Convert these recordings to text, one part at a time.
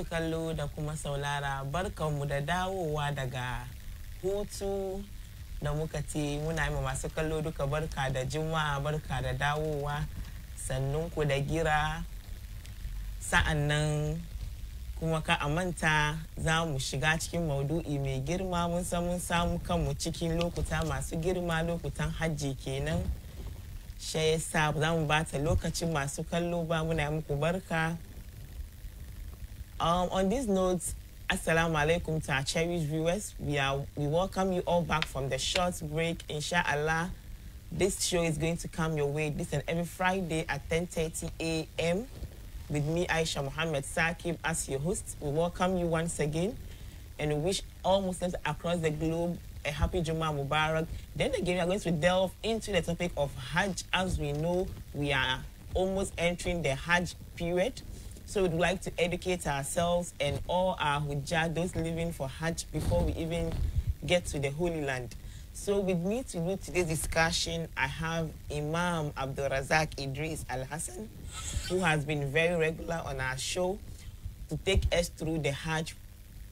masu kallo da kuma saulara barkanmu da dawowa daga hutu da muka ce muna yi masu kallo duka barka da juma'a barka da dawowa sannun ku da gira sa'annan kuma ka amanta za mu shiga cikin maudu'i mai girma mun san mun samu kanmu cikin lokuta masu girma lokutan hajji kenan shayasa yasa za mu bata lokacin masu kallo ba muna muku barka Um, on this note, Assalamu alaikum to our cherished viewers. We are we welcome you all back from the short break. Inshallah, this show is going to come your way this and every Friday at 10:30 a.m. with me, Aisha Muhammad Saqib, as your host. We welcome you once again, and we wish all Muslims across the globe a happy Juma Mubarak. Then again, we are going to delve into the topic of Hajj. As we know, we are almost entering the Hajj period. So we'd like to educate ourselves and all our Hujjah, those living for Hajj, before we even get to the Holy Land. So with me to do today's discussion, I have Imam Abdul Razak Idris Al Hassan, who has been very regular on our show to take us through the Hajj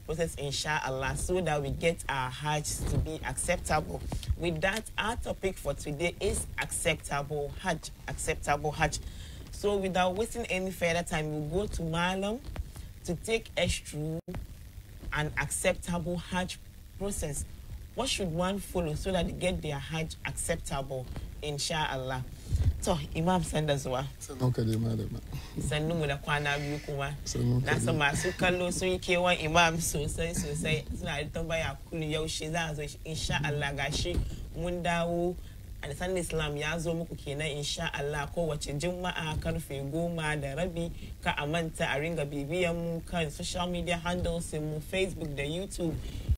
process, inshallah, so that we get our Hajj to be acceptable. With that, our topic for today is acceptable Hajj, acceptable Hajj. So without wasting any further time, we'll go to Malam to take a true and acceptable Hajj process. What should one follow so that they get their Hajj acceptable, inshallah? So, Imam send us wa. Okay, madam. Send mu da kwana biyu kuma. Na so masu kallo sun yi kewan Imam sosai sosai suna da tambaya kullu yaushe za a zo insha Allah gashi mun dawo alisan islam ya zo muku kenan insha Allah kowace juma'a karfe goma da rabi ka a manta a ringa bibiyan mu kan social media handles mu facebook da youtube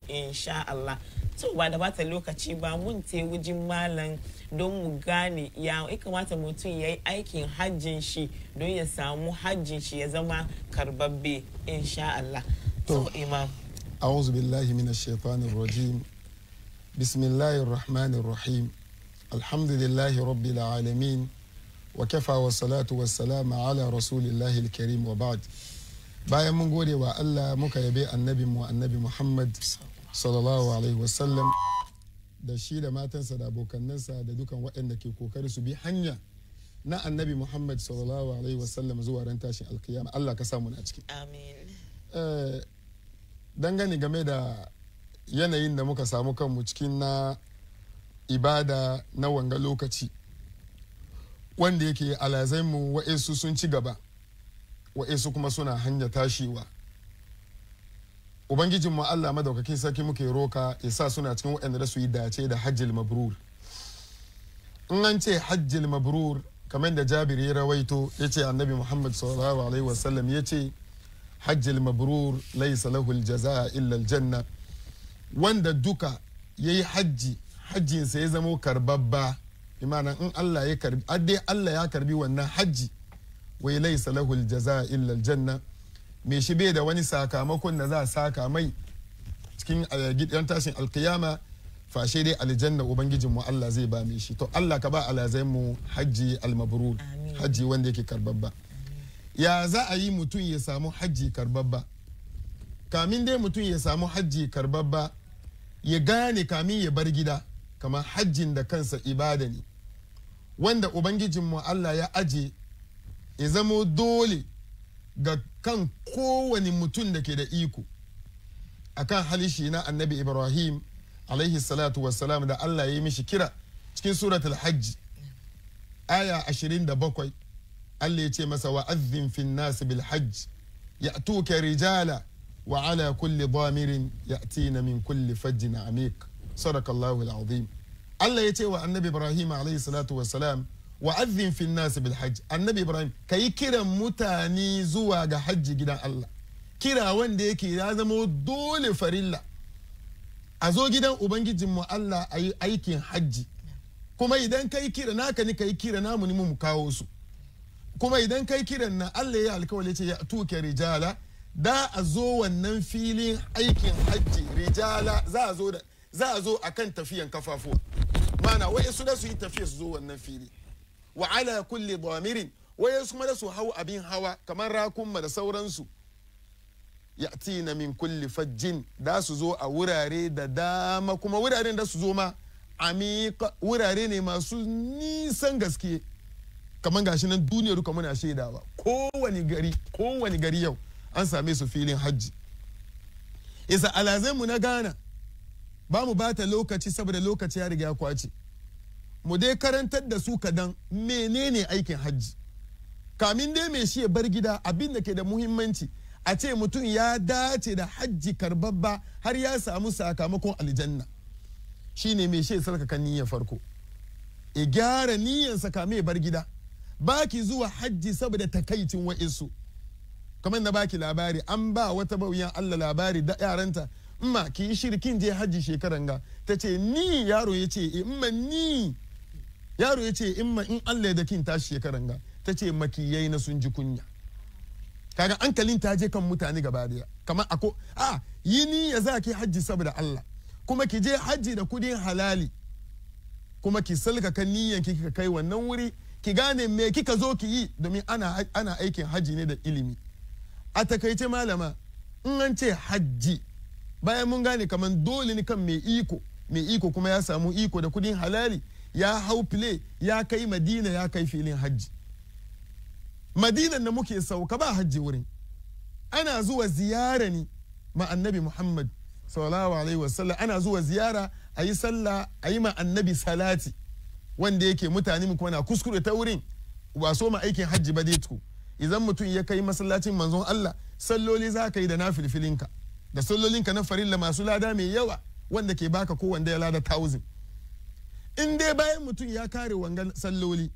insha Allah to ba da bata lokaci ba mun te wujin malam don mu gane ya kamata mutum ya yi aikin hajjin shi don ya samu hajjin shi ya zama karbabbe insha Allah to imam a'udhu billahi minash shaitanir rajim bismillahir rahmanir rahim alhamdulillahi rabbil alamin wa kafa salatu wa salama ala rasulillahi alkarim wa ba'ad. bayan mun gode wa Allah muka yabe annabi mu annabi Muhammad sallallahu alaihi wa sallam da shi da matansa da abokannansa da dukan waɗanda ke kokari su bi hanya na annabi Muhammad sallallahu alaihi wa sallam zuwa ran tashin alkiyama Allah ka samu na ciki eh, dangane game da yanayin da muka samu kanmu cikin na ibada na wanga lokaci wanda yake alazaimu wa'insu sun ci gaba wa'insu kuma suna hanya tashiwa ubangijin mu Allah madaukakin sarki muke roka ya sa suna cikin waɗanda da su yi dace da hajjil mabrur in an ce hajjil mabrur kamar da jabir ya rawaito ya ce annabi muhammad sallallahu alaihi wasallam ya ce hajjil mabrur laisa lahul jaza illa aljanna wanda duka yayi hajji hajjinsa ya zamo karbabba imanan in Allah ya karbi adde Allah ya karbi wannan hajji wai laisa lahul jaza illa aljanna me shi bai da wani sakamakon da za a saka mai cikin yan eh, tashin alkiyama fashe dai aljanna ubangijin mu Allah zai ba mai shi to Allah ka ba alazai mu hajji almabrur hajji wanda yake karbabba ya za a yi mutum ya samu hajji karbabba kamin dai mutum ya samu hajji karbabba ya gane kamin ya bar gida kama hajjin da kansa ibada ne wanda ubangijinmu Allah ya aje ya zamo dole ga kan kowane mutum da ke da iko akan halishi na annabi ibrahim alaihi salatu wassalam da Allah ya yi mishi kira cikin suratul hajj aya 27 Allah ya ce masa wa'azzin fin nas bil hajj ya'tuka rijala وعلى كل ضامر dhamirin من كل فج عميق sadakallahu alazim Allah ya ce wa annabi Ibrahim alayhi salatu wa salam wa azin fi nasi bil hajj annabi Ibrahim kai kiran mutane zuwa ga hajji gidan Allah kira wanda yake ya zama dole farilla a zo gidan mu Allah a yi aikin hajji kuma idan kai kira naka ni kai kira namu ni mu kawo su kuma idan kai kiran na Allah ya alkawali ce ya tuke rijala da a zo wannan filin aikin hajji rijala za a zo da za a zo akan tafiyan kafafuwa mana wai su da su yi tafiya su zo wannan fili wa ala kulli damirin su kuma da su hau abin hawa kamar ma da sauransu na min kulli fajjin da su zo a wurare da dama kuma wuraren da su zo ma amika wurare ne masu nisan gaske kamar gashi nan duniyar duka muna shaidawa kowane gari kowane gari yau an same su filin hajji isa alazai mu na ghana ba mu ba ta lokaci saboda lokaci ya riga ya kwace mu dai karantar da su kadan menene aikin hajji kamin dai mai shi ya bar gida abin da ke da muhimmanci a ce mutum ya dace da hajji karbabba har ya samu sakamakon aljanna shine mai shi ya sarkaka niyyar farko ya gyara niyyarsa kamin ya bar gida baki zuwa hajji saboda takaicin wa'isu kamar na baki labari an ba wata bauyan Allah labari da yaranta ma ki yi shiri kin je hajji shekaran ga ta ce ni yaro ya ce imma ni yaro ya ce imma in Allah ya da kin tashi shekaran ga ta ce makiyai na sun ji kunya kaga ankalin ta je kan mutane gaba daya kamar ako a yi ni ya za ki hajji saboda Allah kuma ki je hajji da kudin halali kuma ki salka kan niyan ki kai wannan wuri ki gane me kika zo ki yi domin ana ana aikin hajji ne da ilimi a takaice malama in an ce hajji bayan mun gane kamar dole ne kan mai iko mai iko kuma ya samu iko da kudin halali ya hau file ya kai madina ya kai filin hajji madinan da muke sauka ba hajji wurin ana zuwa ziyara ne ma annabi muhammad sallallahu alaihi wasallam ana zuwa ziyara a yi sallah a yi ma annabi salati wanda yake mutane mu kuma na kuskure ta wurin ba so ma aikin hajji ba dai idan mutum ya kai masallacin manzon allah salloli za ka yi da na filfilinka da sallolinka na farilla masu lada mai yawa wanda ke baka ko wanda ya lada thousand in dai bayan mutum ya kare wangan salloli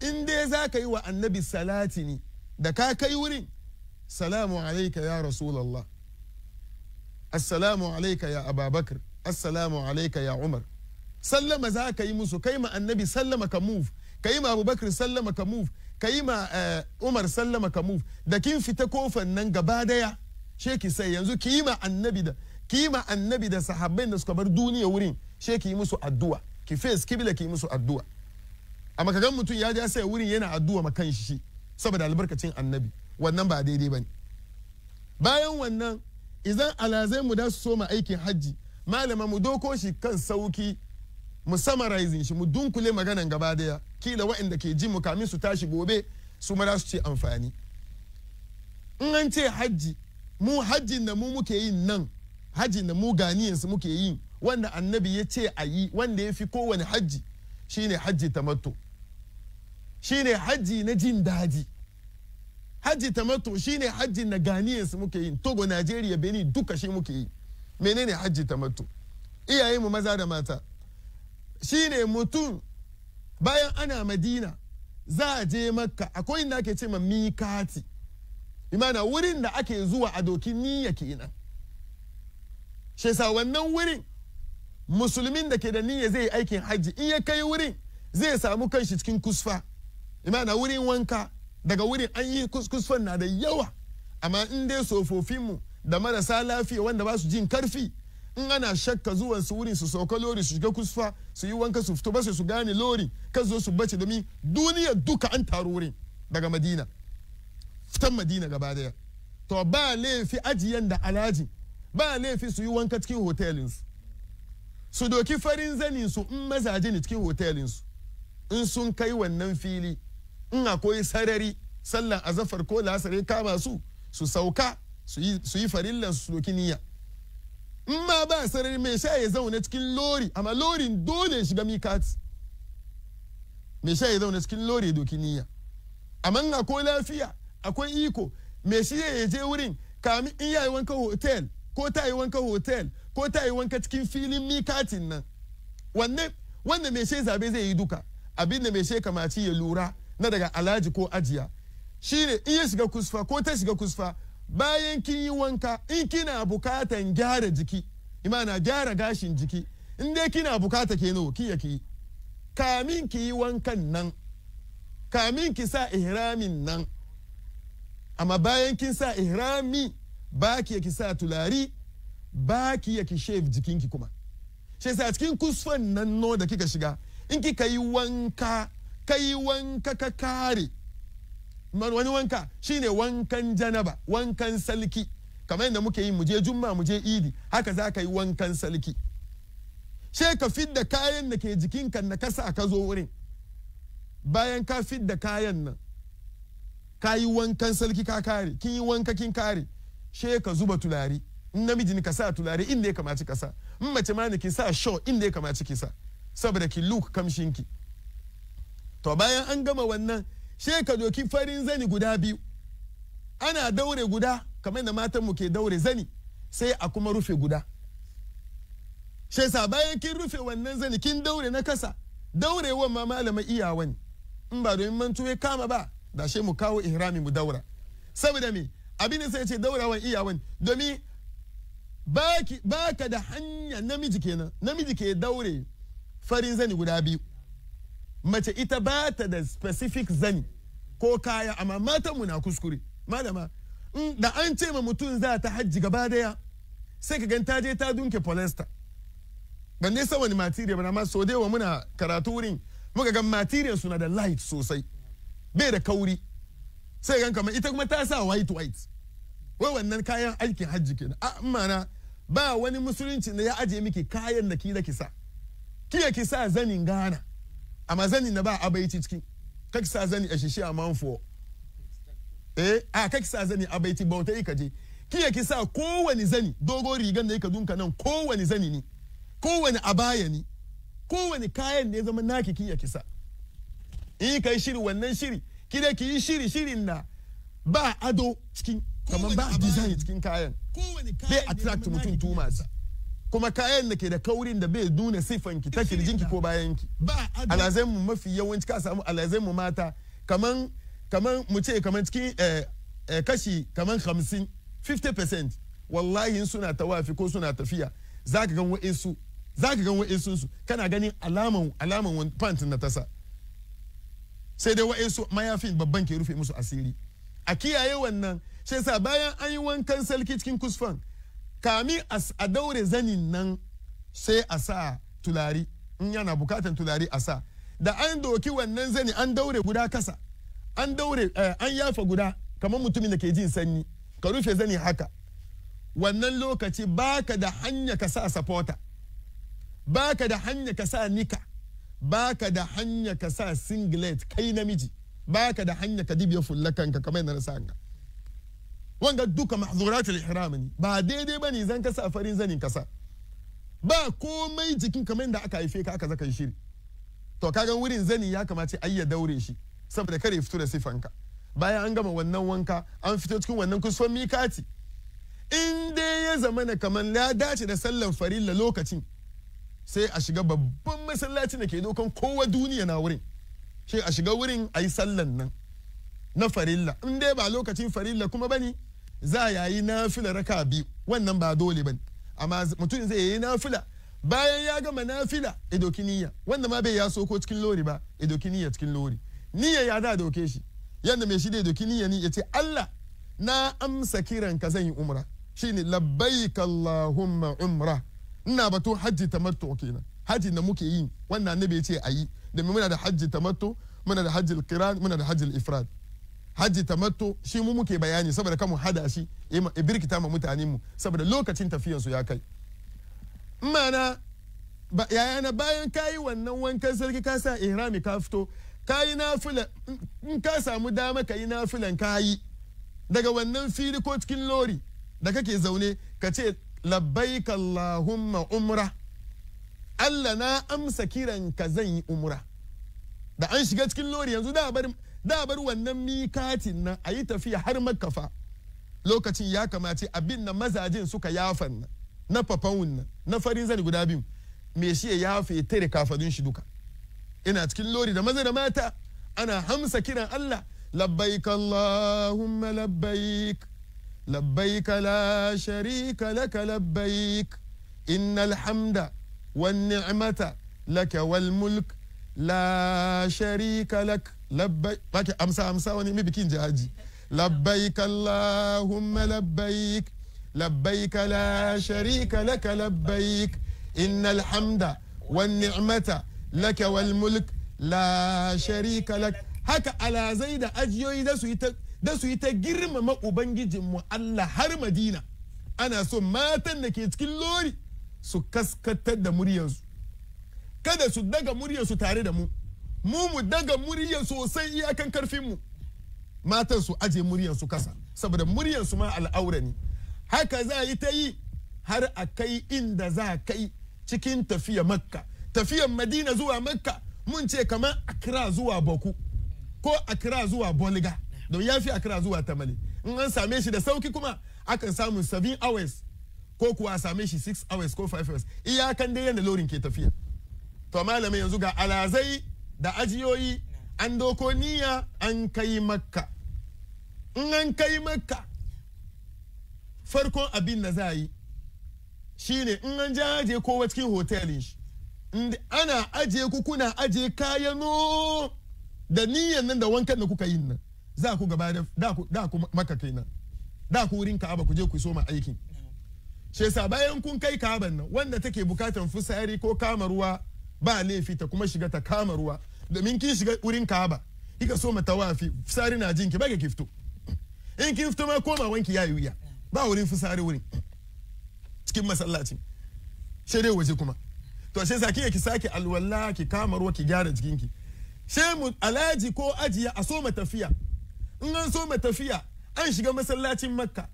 in dai za ka yi wa annabi salati ne da ka kai wurin salamu alaika ya rasulallah assalamu alaika ya ababakar assalamu alaika ya umar sallama za ka yi musu kai ma annabi sallama ka move ka yi ma abubakar sallama ka move ka yi ma eh, umar sallama ka move da kin fita kofan nan gaba daya sheki sai yanzu ki ma annabi da ki annabi da sahabbai da suka bar duniya wurin Sheki yi musu addu'a ki face kibla ki yi musu addu'a amma kagan mutum ya ja sai wurin yana addu'a ma shi saboda albarkacin annabi wannan ba daidai bane bayan wannan idan alazai mu da su soma aikin hajji malama mu doko shi kan sauki mu summarizing shi mu dunkule maganan gaba daya kila waɗanda ke ji mu kamin su tashi gobe su mara su ce amfani in an ce hajji mu hajjin da mu muke yin nan hajjin da mu ganiyansu muke yin wanda annabi ya ce a yi wanda ya fi kowane hajji shine hajji shi shine hajji na jin daji hajji shi shine hajji na ganiyansu muke yin togo najeriya benin duka shi muke yi menene hajji tamattu iyayenmu maza da mata shine mutum bayan ana madina za a je makka akwai inda ake ce ma mikati imana wurin da ake zuwa a doki niyya kenan shi sa wannan wurin musulmin da ke da niyya zai aikin hajji in ya kai wurin zai samu kanshi cikin kusfa imana wurin wanka daga wurin an yi kuskusfan na da yawa amma in dai tsofaffinmu da marasa lafiya wanda ba su jin karfi in ana shakka zuwan su wurin su sauka lori su shiga kusfa su yi wanka su fito ba su gane lori kan zo su bace domin duniya duka an taro wurin daga madina fitan madina gaba daya to ba laifi ajiyan da alhaji ba laifi su yi wanka cikin hotelinsu su doki farin zanin su in mazaje ne cikin hotelinsu in sun kai wannan fili in akwai sarari sallan azafar ko lasare kama su su sauka su yi farillan su doki niyya in ma ba sarari mai sha ya zaune cikin lori amma lorin dole ya shiga mikat mai sha ya zaune cikin lori ya doki niyya amma in akwai lafiya akwai iko me shi ya je wurin kami in yayi wanka hotel ko ta yi wanka hotel ko ta yi wanka cikin filin mikatin nan wanne wanda me shi zabe zai yi duka abin da mai shi kamaci ya lura na daga alaji ko ajiya shine in ya shiga kusfa ko ta shiga kusfa bayan kin yi wanka in kina bukatan gyara jiki imana gyara gashin jiki in dai kina bukata ke nawa kiya ki kamin ki yi wankan nan kamin ki sa ihramin nan amma bayan kin sa ihrami ba ki ki sa tulari ba ki shave jikinki kuma shi sa cikin kusfan nan no da kika shiga in kika yi wanka kai wanka ka kare wani wanka shine wankan janaba wankan salki kamar yadda muke yi muje jumma muje idi haka za ka yi wankan salki she ka fidda kayan da ke jikinka na kasa ka zo wurin bayan ka fidda kayan nan ka yi wankan sarki ka kare kin yi wanka kin kare she ka zuba tulare in namiji ne ka sa tulare inda ya kamaci ka sa in mace ma ne ki sa shaw inda ya kamaci ki sa saboda ki look kamshin ki to bayan an gama wannan she ka doki farin zani guda biyu ana daure guda kamar da matan mu ke daure zani sai a kuma rufe guda she sa bayan kin rufe wannan zani kin daure na kasa daurewan ma iyawa ne in ba domin mantuwe kama ba da shi mu kawo ihrami mu daura saboda me abin sai ce daurawan iyawan domin baka da hanya namiji kenan namiji ke daure farin zani guda biyu mace ita bata da specific zani ko kaya amma matan mu na kuskure malama da an ce ma mutum za ta hajji gaba daya sai ka gan ta je ta dunke polesta ban dai sa wani material ba amma so dai wa muna karatu wurin muka gan material suna da light sosai bai da kauri sai gan kamar ita kuma ta sa white white wai wannan kayan aikin hajji kenan a mana ba wani musulunci da ya aje miki kayan da da ki sa ya ki sa zanin gana amma zanin na ba abaici ciki kaki sa zani a shishi a manfo eh a kaki sa zani abaici bauta yi ki ya ki sa kowani zani dogon rigan da yake dunka nan kowani zani ne kowani abaya ne kowani kayan da ya zama naki ya ki sa in kai shiri wannan shiri kire ki yi shiri shirin na ba ado cikin kamar ba design cikin kayan bai attract mutum tumasa kuma kayan da ke da kaurin da bai nuna siffan ki ta ki ko bayan ki alazai mu mafi yawanci ka samu alazai mu mata kaman kaman mu ce kaman cikin eh, eh, kashi kaman 50 50% wallahi suna tawafi ko suna tafiya zaka gan wa'insu zaka gan wa'insu kana ganin alaman alaman pant na tasa sai dai wa'insu mayafin babban ke rufe musu asiri a kiyaye wannan shi yasa bayan an yi wankan sarki cikin kusfan kami a daure zanin nan sai a sa tulari in yana bukatan tulari a sa da an doki wannan zani an daure guda kasa an daure eh, an yafa guda kamar mutumin da ke jin sanyi ka rufe zani haka wannan lokaci baka da hanya ka sa sapota baka da hanya ka sa nika baka da hanya ka sa singlet kai namiji baka da hanya ka dibiya fulla kanka kamar na sa ka wanga duka mahzuratul ihram ne ba daidai bane zan ka sa farin zanin ka sa ba komai jikin kamar yadda aka haife ka aka zaka shiri to kaga wurin zani ya kamace ai ya daure shi saboda kare fito da sifanka bayan an gama wannan wanka an fito cikin wannan kusuwan mikati in dai ya zamana kamar ya dace da sallan farilla lokacin sai a shiga babban masallaci da ke dokan kowa duniya na wurin shi a shiga wurin a yi sallan nan na farilla in dai ba lokacin farilla kuma bane za ya yi nafila raka biyu wannan ba dole bane amma mutum zai yi nafila bayan ya gama nafila niyya wanda ma bai ya so ko cikin lori ba niyya cikin lori niyya ya da doke shi yadda mai shi da niyya ni ya ce Allah na amsa kiran ka zan yi umra shine labbaik Allahumma umra ina batun hajji tamattu kenan hajji da muke yi wannan annabi ya ce ayi yi da muna da hajji tamattu muna da hajji kiran muna da hajji ifrad hajji tamattu shi mu muke bayani saboda kamun hada shi e birkita ma mutane mu saboda lokacin tafiyansu su ya kai mana na bayan kayi wannan wankan sarki ka sa ihrami ka fito kayi nafila in ka samu dama kayi nafilan kayi daga wannan fili ko cikin lori da kake zaune ka ce labbaik Allahumma umra Allah na amsa kiran ka zan yi umra da an shiga cikin lori yanzu da bar wannan mikatin nan a yi tafiya har makafa lokacin ya kamace abin na mazajin suka yafan na fafawun na farin zani guda biyu me shi ya yafe tare kafadun shi duka ina cikin lori da maza da mata ana hamsa kiran Allah labbaik Allahumma labbaik لبيك لا شريك لك لبيك إن الحمد والنعمة لك والملك لا شريك لك لبيك أمسى أمسى ونمي بكين جاجي لبيك اللهم لبيك لبيك لا شريك لك لبيك إن الحمد والنعمة لك والملك لا شريك لك هكا على زيد أجيو إذا سويتك da su yi ta girmama ubangijinmu Allah har madina ana so matan da ke cikin lori su kaskatar da muryarsu kada su daga muryarsu tare da mu mu mu daga muryar sosai iyakan karfinmu matan su aje muryarsu kasa saboda muryarsu ma al'aura ne haka za yi ta yi har a kai inda za kai cikin tafiya makka tafiyan madina zuwa makka mun ce kamar akira zuwa baku ko akira zuwa bolga don ya fi akira zuwa tamale in an same shi da sauki kuma akan samu 7 hours ko kuwa a same shi 6 hours ko 5 hours iyakan dai yadda lorin ke tafiya to malamai yanzu ga alazai da ajiyoyi an doko niyya an kai makka in an kai makka farkon abin da za a yi shine in an jaje kowa cikin hotelin shi ana ajiye ku kuna ajiye kayano da niyyan nan da wankan da kuka yi. nan za ku gaba da ku da ku maka kaina da ku wurin ka'aba ku je ku soma aikin she yasa bayan kun kai ka'aban nan wanda take bukatan fusari ko kama ruwa ba laifi ta kuma shiga ta kama ruwa domin kin shiga wurin ka'aba kika soma tawafi fusari na jinki ba ki fito in kin fito ma koma wanki yayi wuya ba wurin fusari wurin cikin masallaci she dai waje kuma to yasa kike ki sake alwala ki kama ruwa ki gyara jikinki sai mu alaji ko ajiya a soma tafiya in an so tafiya an shiga masallacin makka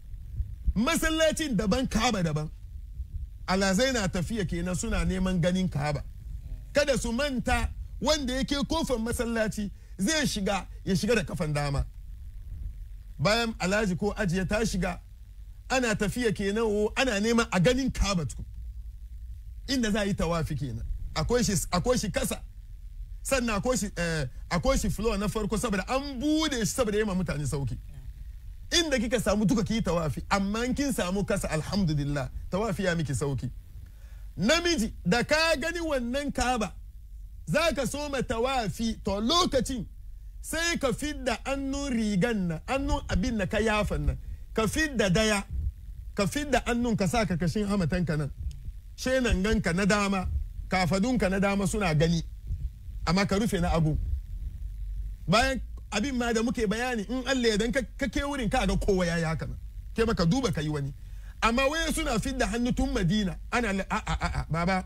masallacin daban kaba daban alazai na tafiya kenan suna neman ganin kaba kada su manta wanda yake kofar masallaci zai shiga ya shiga da kafan dama bayan alhaji ko ajiya ta shiga ana tafiya kenan o ana neman a ganin kaba inda za a yi tawafi kenan akwai shi kasa sannan akwai shi eh, flow na farko saboda an bude shi saboda ma mutane sauki inda kika samu duka ki tawafi amma kin samu kasa alhamdulillah tawafi ya miki sauki namiji da ka gani wannan kaba za ka soma tawafi to lokacin sai ka fidda annun rigan na annun abin na ka yafan nan ka fidda daya ka fidda annun ka sa ka kashin hamatanka nan shenan ganka na dama kafadunka na dama suna gani amma ka rufe na abu bayan abin ma da muke bayani in Allah ya dan ka ke wurin ka ga kowa yayi haka ke maka duba kai wani amma waye suna fidda hannu tun Madina ana a a a baba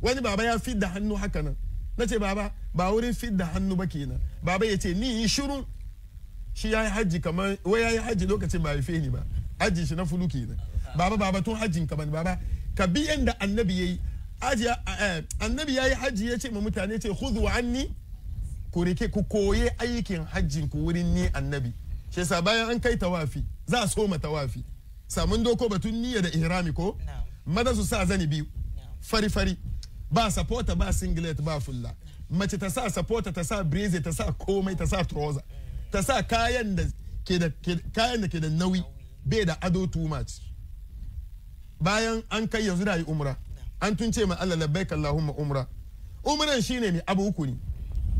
wani baba ya fidda hannu haka nan nace baba ba wurin fidda hannu ba kenan baba yace ni yi shiru shi yayi haji kamar wai yayi haji lokacin ba haife ni ba haji shi na fulu kenan baba baba tun hajjin ka baba ka bi yanda annabi ya yi. Eh, annabi ya yi hajji ya ce ma mutane ce wa anni ku rike ku koye aikin hajjin ku wurin ni annabi shi yasa bayan an kai tawafi za a soma tawafi samun doko batun niyya da ihrami ko maza su sa zani biyu fari fari ba sapota ba singlet ba fulla mace ta sa sapota ta sa breze ta sa komai ta sa trouser mm. ta sa kayan da ke da kayan da ke da nauyi bai da ado too much bayan an kai yanzu da yi umra an tun ce ma Allah labbaik Allahumma umra umran shine ne abu uku ne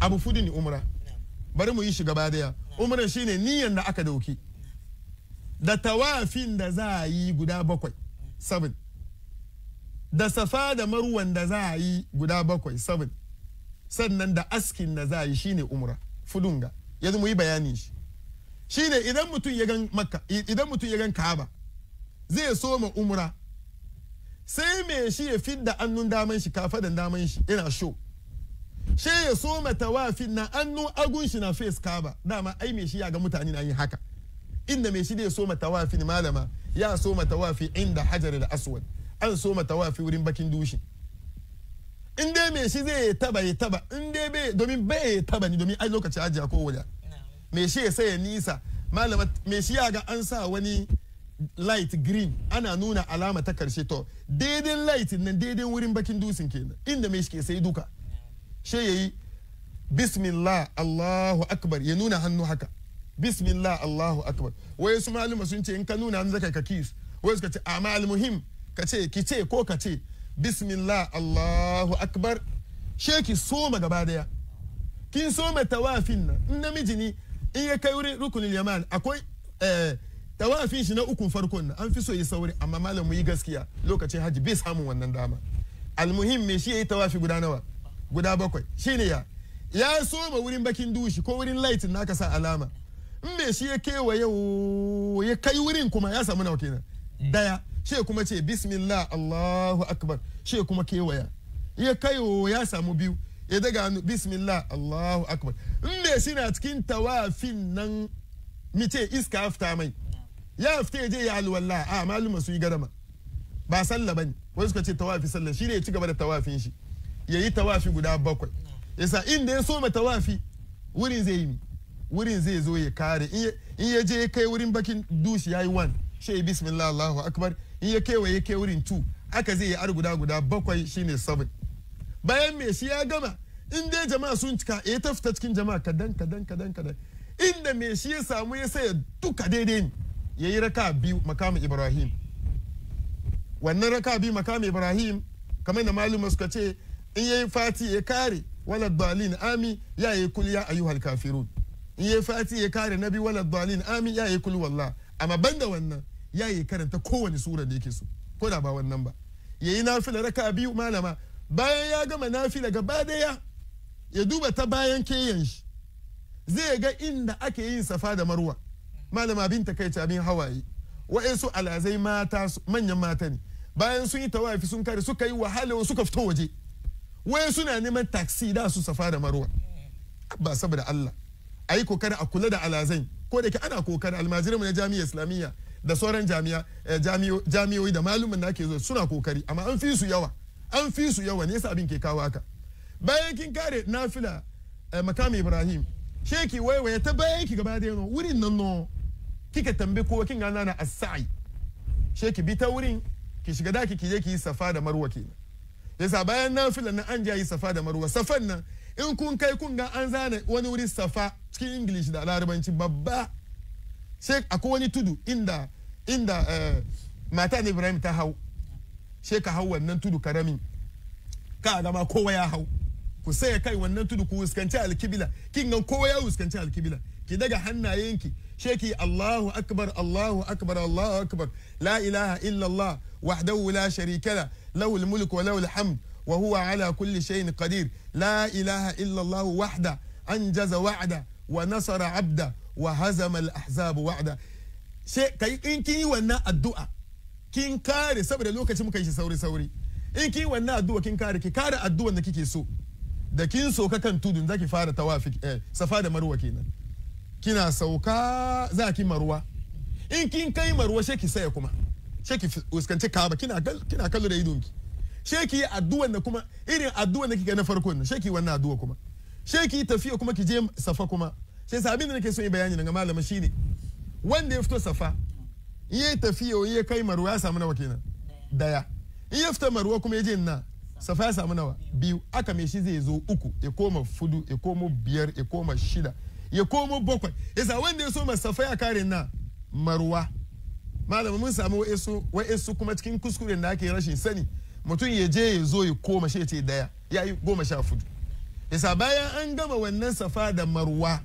abu fudu ne umra bari mu yi shi gaba daya umran shine niyyar da aka dauki da tawafin da za a yi guda bakwai sabin da safa da marwan da za a yi guda bakwai sabin sannan da askin da za a yi shine umra fudunga yanzu mu yi bayanin shi shine idan mutum ya gan makka idan mutum ya gan kaaba zai so ma umra sai me shi ya fidda annun daman shi da daman shi yana sho. she ya so fi na annu agun shi na face kaba dama ai me shi ya ga mutane na yin haka inda me shi da ya so fi malama ya so fi inda hajar da aswad an so fi wurin bakin dushi in dai me shi zai taba ya taba in dai bai domin bai ya taba ni domin ai lokaci ajiya ko wuda me shi ya sai ya nisa malama me shi ya ga an sa wani light green ana nuna alama ta karshe to daidai light nan daidai wurin bakin dusin kenan inda mai ke sai duka she yayi bismillah allahu akbar ya nuna hannu haka bismillah allahu akbar wai su malama sun ce in ka nuna an zaka ka kis wai suka ce amma almuhim ka ce ki ce ko ka ce bismillah allahu akbar she ki soma gaba daya kin soma tawafin nan namiji ne in ya kai wurin rukunin yaman akwai eh, tawafin shi na ukun farkon na an fi so yi sauri amma malam mu yi gaskiya lokacin hajji bai samun wannan dama almuhim me shi yayi tawafi guda nawa guda bakwai shine ya ya soma wurin bakin dushi ko wurin light naka sa alama in me shi ya kewaye ya kai wurin kuma ya samu nawa kenan daya she kuma ce bismillah allahu akbar she kuma kewaya ya kai ya samu biyu ya daga hannu bismillah allahu akbar in me shi na cikin tawafin nan mice iska afta mai ya fita ya je ya alwala a ah, maluma su yi garama ba sallah bane wani suka ce tawafi sallah shi ne ya ci gaba da tawafin shi ya yi tawafi guda bakwai yasa inda ya soma tawafi wurin zai yi wurin zai zo ya kare in ya je ya kai wurin bakin dushi ya yi wan shi ya bismillah allahu akbar in ya kai wa ya kai wurin tu aka zai yi ar guda guda bakwai ne sabin bayan me shi ya gama in dai jama'a sun cika ya ta fita cikin jama'a kadan kadan kadan kadan inda me shi ya samu ya saya duka daidai ne ya yi raka biyu makamu ibrahim wannan raka biyu makamu ibrahim kamar da malumar suka ce in ya yi fati ya kare wala dalin ami ya yi kul ya ayu hal kafirun in ya yi fati ya kare nabi wala dalin ami ya yi kul wallah amma banda wannan ya yi karanta kowane sura da yake so ko da ba wannan ba ya yi nafila raka biyu malama bayan ya gama nafila gaba daya ya duba ta bayan keyan shi zai ga inda ake yin safa da marwa malama bin takaici abin hawaye wa'ansu alazai mata manyan mata ne bayan sun yi tawafi sun kare suka yi wahala suka fito waje wai suna neman taxi da su safa da marwa ba saboda Allah ayi kokari a kula da alazai ko da ke ana kokari mu na jami'a islamiyya da sauran jami'a. Eh, jami'o'i da malumin da ake zo suna kokari amma an fi su yawa an fi su yawa ne yasa abin ke kawo haka bayan kin kare nafila eh, makami ibrahim sheki waiwaye ta bayan ki gaba da yano wurin nan no kika tambe ko kin ga nana asai sheki bi ta wurin ki shiga daki ki je ki yi safa da marwa kenan yasa bayan nafila na an yi safa da marwa safan nan in kun kai kun ga an zana wani wuri safa cikin english da larabanci babba sai akwai wani tudu inda inda eh, mata ibrahim ta hau sai ka hau wannan tudu karamin ka ga kowa ya hau ku ya kai wannan tudu ku fuskanci alkibila kin ga kowa ya fuskanci alkibila ki daga hannayenki sheki Allahu akbar Allahu akbar Allahu akbar la ilaha illa Allah wahdahu la sharika la lahu mulk wa lahu hamd wa huwa ala kulli shay'in qadir la ilaha illa Allah wahda anjaza wa'da wa nasara abda wa hazama al ahzab wa'da she kai in kin yi wannan addu'a kin kare saboda lokacin muka yi shi sauri sauri in kin yi wannan addu'a kin kare ki kare addu'an da kike so da kin sauka kan tudun za ki fara tawafi eh, safa da marwa kenan kina sauka za ki marwa in kin kai marwa she ki saya kuma she ki fuskanci kaba kina kina kallo da idonki she ki addu'a da kuma irin addu'a da kika na farko ne she ki wannan addu'a kuma she ki tafiya kuma ki je safa kuma sai sa abin da nake so yi bayani daga malama shine wanda ya fito safa in yayi tafiya ya kai marwa ya samu nawa kenan daya in ya fita marwa kuma ya je na safa ya samu nawa biyu aka mai shi zai zo uku ya koma fudu ya koma biyar ya koma shida ya koma bakwai yasa wanda ya so safa ya kare na maruwa malamin mun samu wa'isu kuma cikin kuskuren da ake rashin sani mutum ya je ya zo ya koma shi ce daya ya yi goma sha fudu yasa bayan an gama wannan safa da maruwa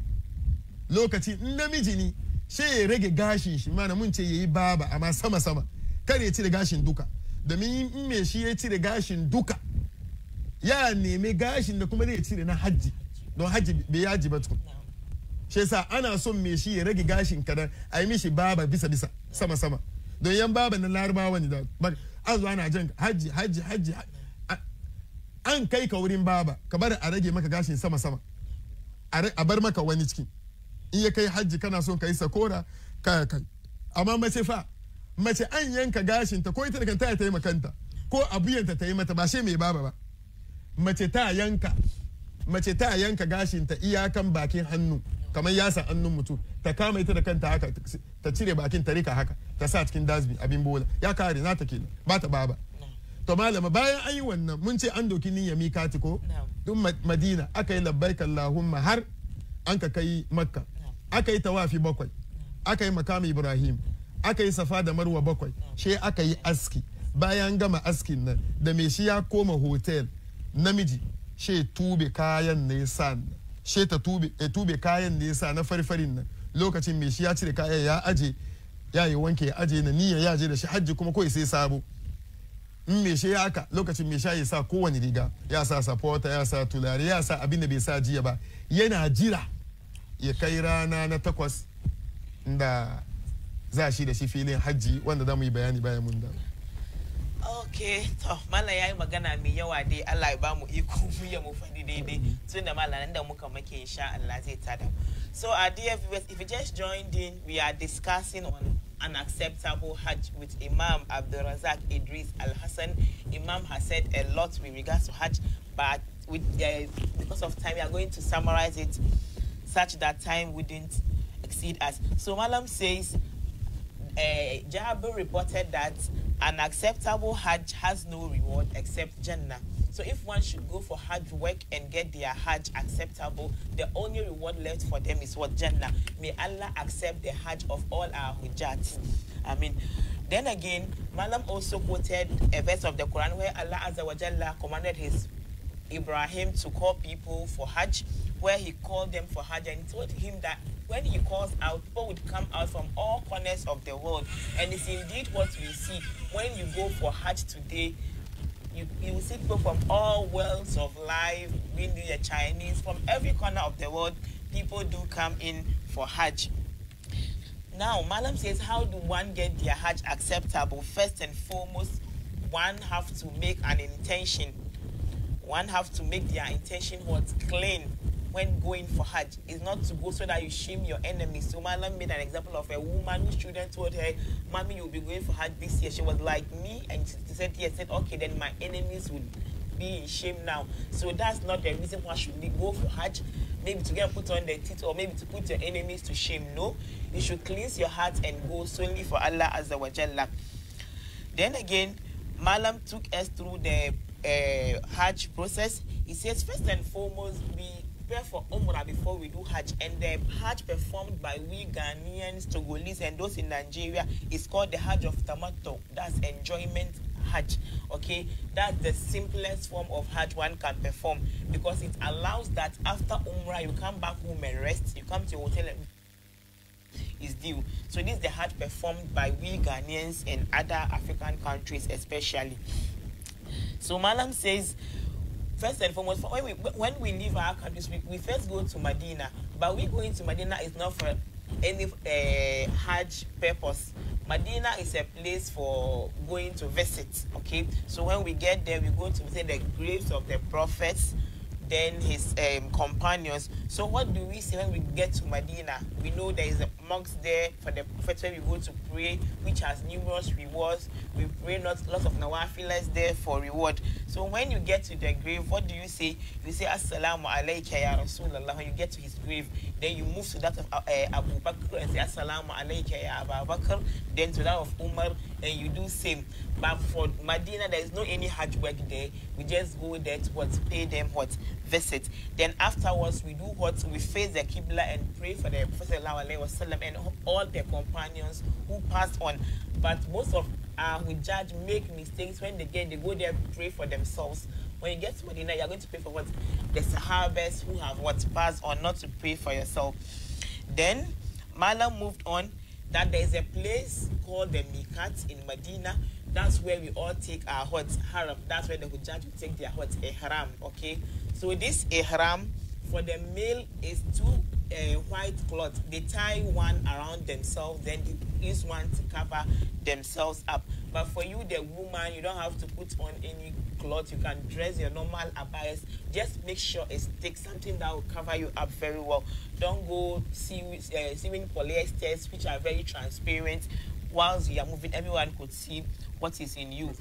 lokaci in namiji ne shi ya rage gashin shi mana mun ce ya yi baba amma sama sama kar ya ci da gashin duka domin in me shi ya cire gashin duka ya nemi gashin da kuma zai cire na hajji don hajji bai yaji ba tukun shi yasa ana son me shi ya rage gashin kadan a yi mishi baba bisa bisa sama sama don yan baba na larabawa ne da an zo ana jan hajji hajji hajji an kai ka wurin baba ka bar a rage maka gashin sama sama a bar maka wani ciki in ya kai hajji kana son ka yi sakora ka kai amma mace fa mace an yanka gashinta ko ita da kanta ta yi makanta ko abuyanta ta yi mata ba sai mai baba ba mace ta yanka mace ta yanka gashinta iyakan bakin hannu kamar yasa hannun mutum ta kama ita da kanta haka ta cire bakin ta rika haka ta sa cikin dasbi abin bola ya kare na ta kenan ba ta baba to malama bayan an yi wannan mun ce an doki niyya mikati ko duk madina aka yi labbaika allahumma har an ka kai makka aka yi tawafi bakwai aka yi makami ibrahim aka yi safa da marwa bakwai shi aka yi aski bayan gama askin nan da me shi ya koma hotel namiji ya tube kayan nesa nan ta tube eh, kayan nesa na farfarin nan lokacin me shi ya cire kayan ya aje ya yi wanke ya aje na niyya ya je da shi hajji kuma kawai sai sabo in mai shi ya aka lokacin mai shi ya sa kowane riga ya sa sapota ya sa tulare ya sa abin da bai sa jiya ba yana jira ya kai rana na takwas da za shi da shi filin hajji wanda za mu yi bayani bayan mun dawo ok to mala ya yi magana mai yawa dai allah ya ba mu iko mu ya mu faɗi daidai tun da mala nan da muka make insha allah zai tada so uh, dear viewers if you just joined in we are discussing on unacceptable Hajj with Imam Abdulrazak Idris Al Hassan. Imam has said a lot with regards to Hajj, but with, uh, because of time, we are going to summarize it such that time wouldn't exceed us. So Malam says uh, Jahabu reported that an acceptable Hajj has no reward except Jannah. So if one should go for hard work and get their Hajj acceptable, the only reward left for them is what Jannah. May Allah accept the Hajj of all our Hujjat. I mean, then again, Malam also quoted a verse of the Quran where Allah Azza wa Jalla commanded his Ibrahim to call people for Hajj, where he called them for Hajj and told him that when he calls out, people would come out from all corners of the world. And it's indeed what we see when you go for Hajj today. You, you will see people from all worlds of life, mainly the Chinese, from every corner of the world, people do come in for Hajj. Now, Malam says, how do one get their Hajj acceptable? First and foremost, one have to make an intention. One have to make their intention what? Clean when going for Hajj is not to go so that you shame your enemies. So Malam made an example of a woman whose children told her, Mommy, you'll be going for Hajj this year. She was like me and she said yes, said, okay, then my enemies would be in shame now. So that's not the reason why should we go for Hajj. Maybe to get put on the teeth or maybe to put your enemies to shame. No, you should cleanse your heart and go solely for Allah Azza wa Jalla. Then again, Malam took us through the uh, Hajj process. He says, first and foremost, we prepare for Umrah before we do Hajj. And the Hajj performed by we Ghanaians, Togolese, and those in Nigeria is called the Hajj of Tamato. That's enjoyment Hajj. Okay, that's the simplest form of Hajj one can perform because it allows that after Umrah you come back home and rest. You come to your hotel and is due. So this is the Hajj performed by we Ghanaians and other African countries especially. So Malam says first and foremost, when we, when we leave our countries, we, we first go to Medina. But we going to Medina is not for any uh, Hajj purpose. Medina is a place for going to visit, okay? So when we get there, we go to visit the graves of the prophets, then his um, companions. So what do we see when we get to Medina? We know there is a mosques there for the prophet where we go to pray, which has numerous rewards. We pray not lots of nawafilas there for reward. So when you get to the grave, what do you say? You say Assalamu alayka ya Rasulullah. When you get to his grave, then you move to that of uh, uh, Abu Bakr and say Assalamu alayka ya Abu Bakr. Then to that of Umar, and you do same. But for Medina, there is no any hard work there. We just go there to what pay them what visit. Then afterwards, we do what we face the Qibla and pray for the Prophet Sallallahu Alaihi Wasallam and all their companions who passed on. But most of uh, who judge make mistakes when they get they go there pray for themselves. When you get to Medina, you're going to pray for what the Sahabas who have what passed on, not to pray for yourself. Then Mala moved on that there is a place called the Mikat in Medina. That's where we all take our hot haram. That's where the Hujjaj will take their hot ihram. Okay, so this ihram for the male, is two uh, white cloth. They tie one around themselves, then they use one to cover themselves up. But for you, the woman, you don't have to put on any cloth. You can dress your normal abayas. Just make sure it's thick, something that will cover you up very well. Don't go see uh, eh, sewing polyesters, which are very transparent. Whilst you are moving, everyone could see what is in you.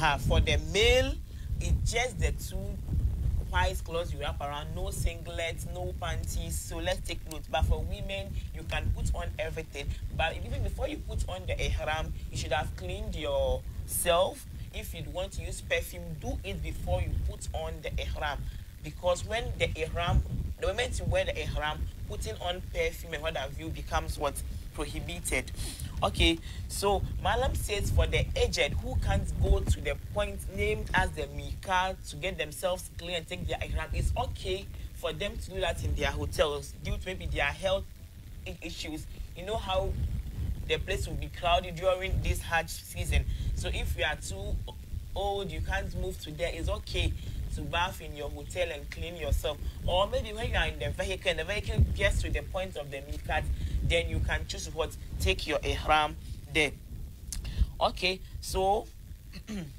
Uh, for the male, it's just the two wise clothes you wrap around, no singlets, no panties. So let's take note. But for women, you can put on everything. But even before you put on the ihram, you should have cleaned yourself. If you want to use perfume, do it before you put on the ihram. Because when the ihram, the moment you wear the ihram, putting on perfume and what have you becomes what? prohibited. Okay, so Malam says for the aged who can't go to the point named as the Mika to get themselves clean and take their ihram, it's okay for them to do that in their hotels due to maybe their health issues. You know how the place will be crowded during this Hajj season. So if you are too old, you can't move to there, it's okay to bath in your hotel and clean yourself. Or maybe when you are in the vehicle and the vehicle gets to the point of the Mikat, then you can choose what take your ihram there okay so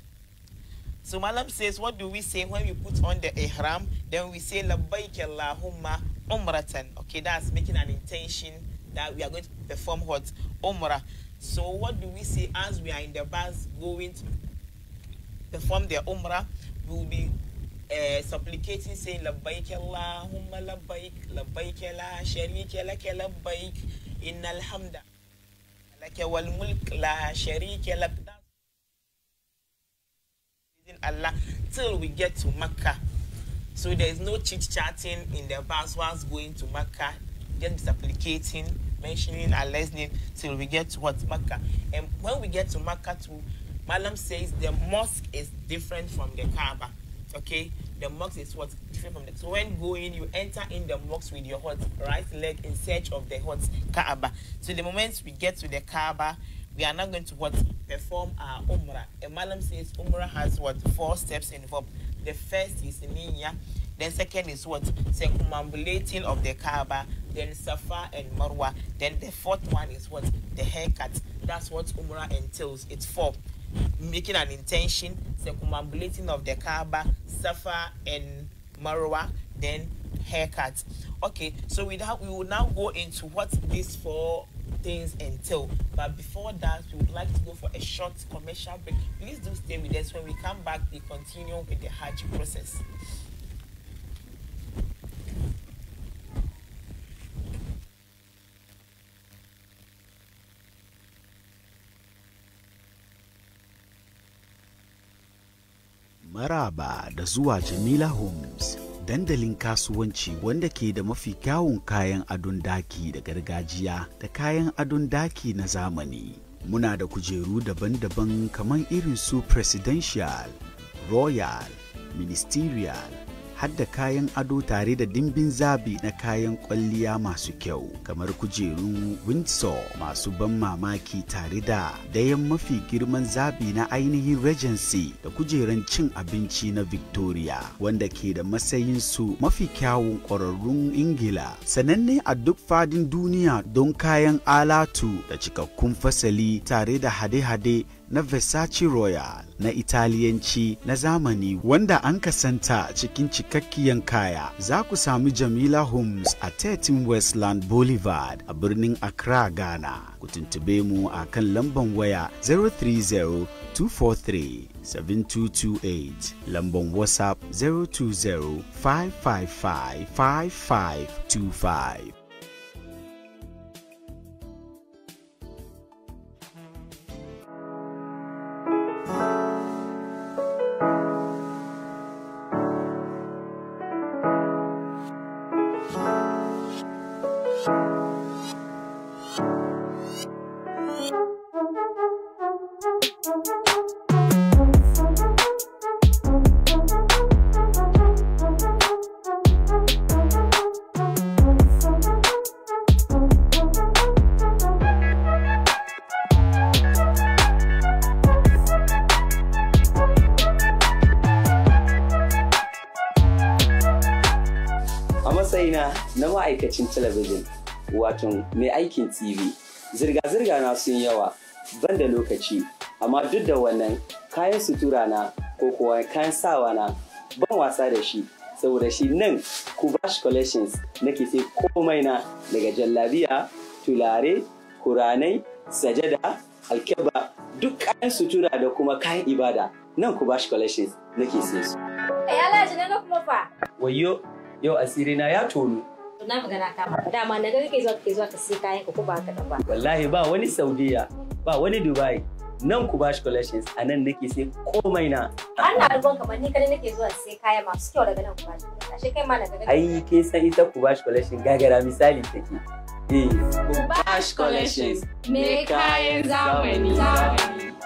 so malam says what do we say when we put on the ihram then we say labbaik allahumma umratan okay that's making an intention that we are going to perform what umrah so what do we say as we are in the bus going to perform the umrah we will be uh, supplicating, saying, Labbaik Allahumma Labbaik, Labbaik La Sharika Laka Labbaik, Innal Hamda, Laka Wal Mulk La Sharika Lak. Allah till we get to Makkah. So there is no chit chatting in the bus whilst going to Makkah, just supplicating, mentioning Allah's name till we get to what Makkah. And when we get to Makkah, too, Malam says the mosque is different from the Kaaba okay the mux is what different from the so when going you enter in the mux with your hot right leg in search of the hot kaaba so the moment we get to the kaaba we are now going to what perform our umrah a malam says umrah has what four steps involved the first is ninya then second is what circumambulating of the kaaba then safa and marwa then the fourth one is what the haircut that's what umrah entails it's four making an intention, circumambulating of the Kaaba, Safa and Marwa, then haircut. Okay, so without we will now go into what these four things entail. But before that, we would like to go for a short commercial break. Please do stay with us. When we come back, we continue with the Hajj process. Maraba da zuwa Jamila Homes, dandalin kasuwanci wanda ke da mafi kyawun kayan adon daki da gargajiya da kayan adon daki na zamani. Muna da kujeru daban-daban kamar irin su presidential, royal, ministerial, Hadda kayan ado tare da dimbin zabi na kayan kwalliya masu kyau kamar kujerun Windsor masu ban mamaki tare da dayan mafi girman zabi na ainihin Regency da kujeran cin abinci na Victoria wanda ke da matsayin su mafi kyawun ƙwararrun Ingila sananne a duk fadin duniya don kayan alatu da cikakkun fasali tare da hade-hade na Versace Royal na Italiyanci na zamani wanda an kasanta cikin cikakkiyan kaya. Za ku sami Jamila Homes a 13 Westland Boulevard a birnin Accra, Ghana. Ku tuntube mu a kan lamban waya 030 243-7228 lambar whatsapp 020 555 5525 mai aikin TV. Zirga-zirga na sun yawa, ban da lokaci, amma duk da wannan kayan sutura na ko kuwa kayan sawa na ban wasa da shi saboda shi nan kubash collections nake sai komai na daga jallabiya tulare kuranai sajada alkeba duk kayan sutura da kuma kayan ibada nan kubash collections nake sai su. Ayala eh, na kuma fa. Wayo yau asiri na ya tonu. na magana ta maka dama na ga kake zuwa kake zuwa ka sai kayan ka ba ka ba wallahi ba wani saudiya ba wani dubai nan ku bashi collections a nan nake sai komai na ana ruwan kamar ni kada nake zuwa sai kaya masu kyau daga nan ku bashi ashe kai ma daga ai ke san ita ku bashi collection gagara misali take eh ku bashi collections me kayan zamani zamani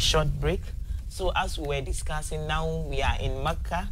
short break. So as we were discussing, now we are in Mecca.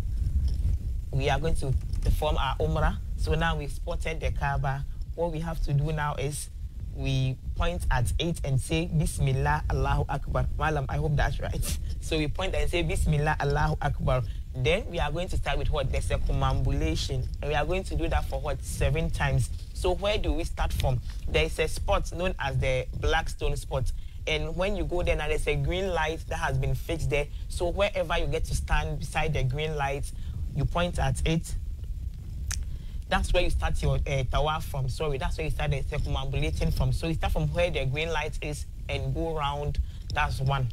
We are going to perform our Umrah. So now we've spotted the Kaaba. What we have to do now is we point at it and say Bismillah Allahu Akbar. Malam, I hope that's right. So we point and say Bismillah Allahu Akbar. Then we are going to start with what? The circumambulation. And we are going to do that for what? Seven times. So where do we start from? There is a spot known as the Blackstone spot. And when you go there now, there's a green light that has been fixed there. So wherever you get to stand beside the green light, you point at it. That's where you start your uh, tower from. Sorry, that's where you start the circumambulating from. So you start from where the green light is and go around. That's one.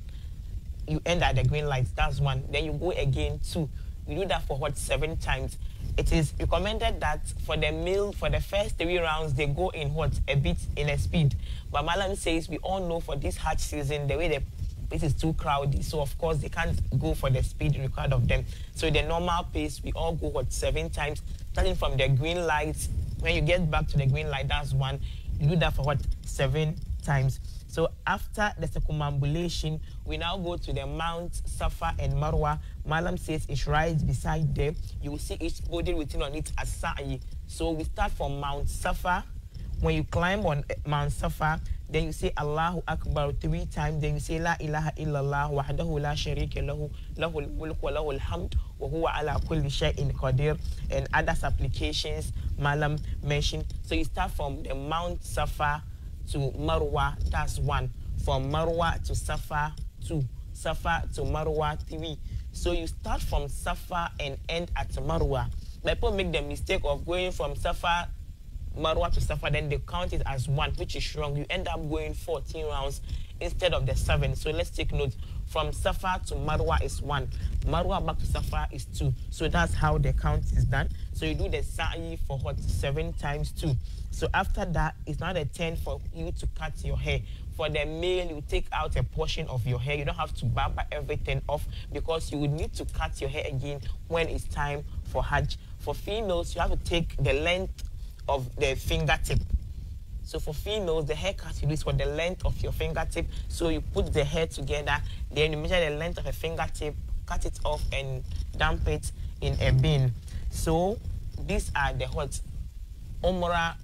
You end at the green light. That's one. Then you go again two. We do that for what seven times. It is recommended that for the meal, for the first three rounds, they go in what a bit in a speed. But Malam says we all know for this hatch season the way the place is too crowded. So of course they can't go for the speed required of them. So the normal pace, we all go what seven times, starting from the green light. When you get back to the green light, that's one. You do that for what seven times. So after the circumambulation, we now go to the Mount Safa and Marwa. Malam says it's right beside them. You will see each body within on it as So we start from Mount Safa. When you climb on Mount Safa, then you say Allahu Akbar three times, then you say La ilaha illallah wahdahu la sharika lahu lahul mulk wa lahul hamd wa huwa ala kulli shay'in qadir and other supplications Malam mentioned. So you start from the Mount Safa to Marwa, that's one. From Marwa to Safa, two. Safa to Marwa, three. So you start from Safa and end at Marwa. People make the mistake of going from Safa, Marwa to Safa, then they count it as one, which is wrong. You end up going 14 rounds instead of the seven. So let's take note. From Safa to Marwa is one. Marwa back to Safa is two. So that's how the count is done. So you do the sa'i for what? Seven times two. So after that, it's not a 10 for you to cut your hair. For the male, you take out a portion of your hair. You don't have to barber everything off because you would need to cut your hair again when it's time for Hajj. For females, you have to take the length of the fingertip so for females, the haircut you do is for the length of your fingertip. So you put the hair together, then you measure the length of a fingertip, cut it off, and dump it in a bin. So these are the what umrah.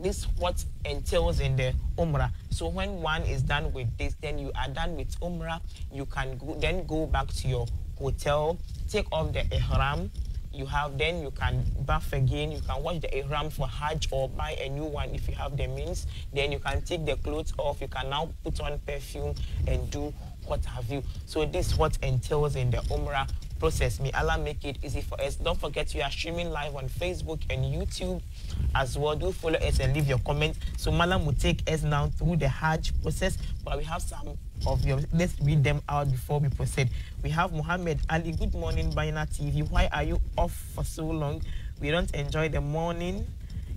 This what entails in the umrah. So when one is done with this, then you are done with umrah. You can go, then go back to your hotel, take off the ihram, you have, then you can bath again. You can wash the ihram for Hajj or buy a new one if you have the means. Then you can take the clothes off. You can now put on perfume and do what have you. So this what entails in the Umrah process. May Allah make it easy for us. Don't forget we are streaming live on Facebook and YouTube as well. Do follow us and leave your comment. So Malam will take us now through the Hajj process, but we have some of your let's read them out before we proceed. We have Muhammad Ali. Good morning, Bayana TV. Why are you off for so long? We don't enjoy the morning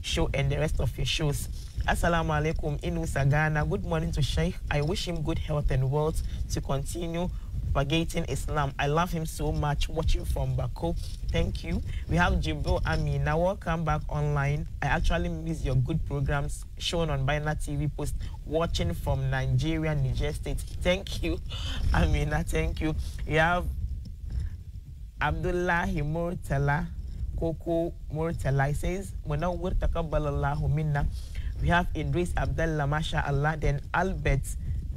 show and the rest of your shows. Assalamu alaikum, Inu Sagana. Good morning to Sheikh. I wish him good health and wealth to continue propagating Islam. I love him so much watching from Baku. Thank you. We have Jibril Amina. Welcome back online. I actually miss your good programs shown on Bina TV Post, watching from Nigeria, Niger State. Thank you, Amina. Thank you. We have Abdullah Himurtala. Koko Murtala. He says, We have Idris Abdullah, Masha Allah, then Albert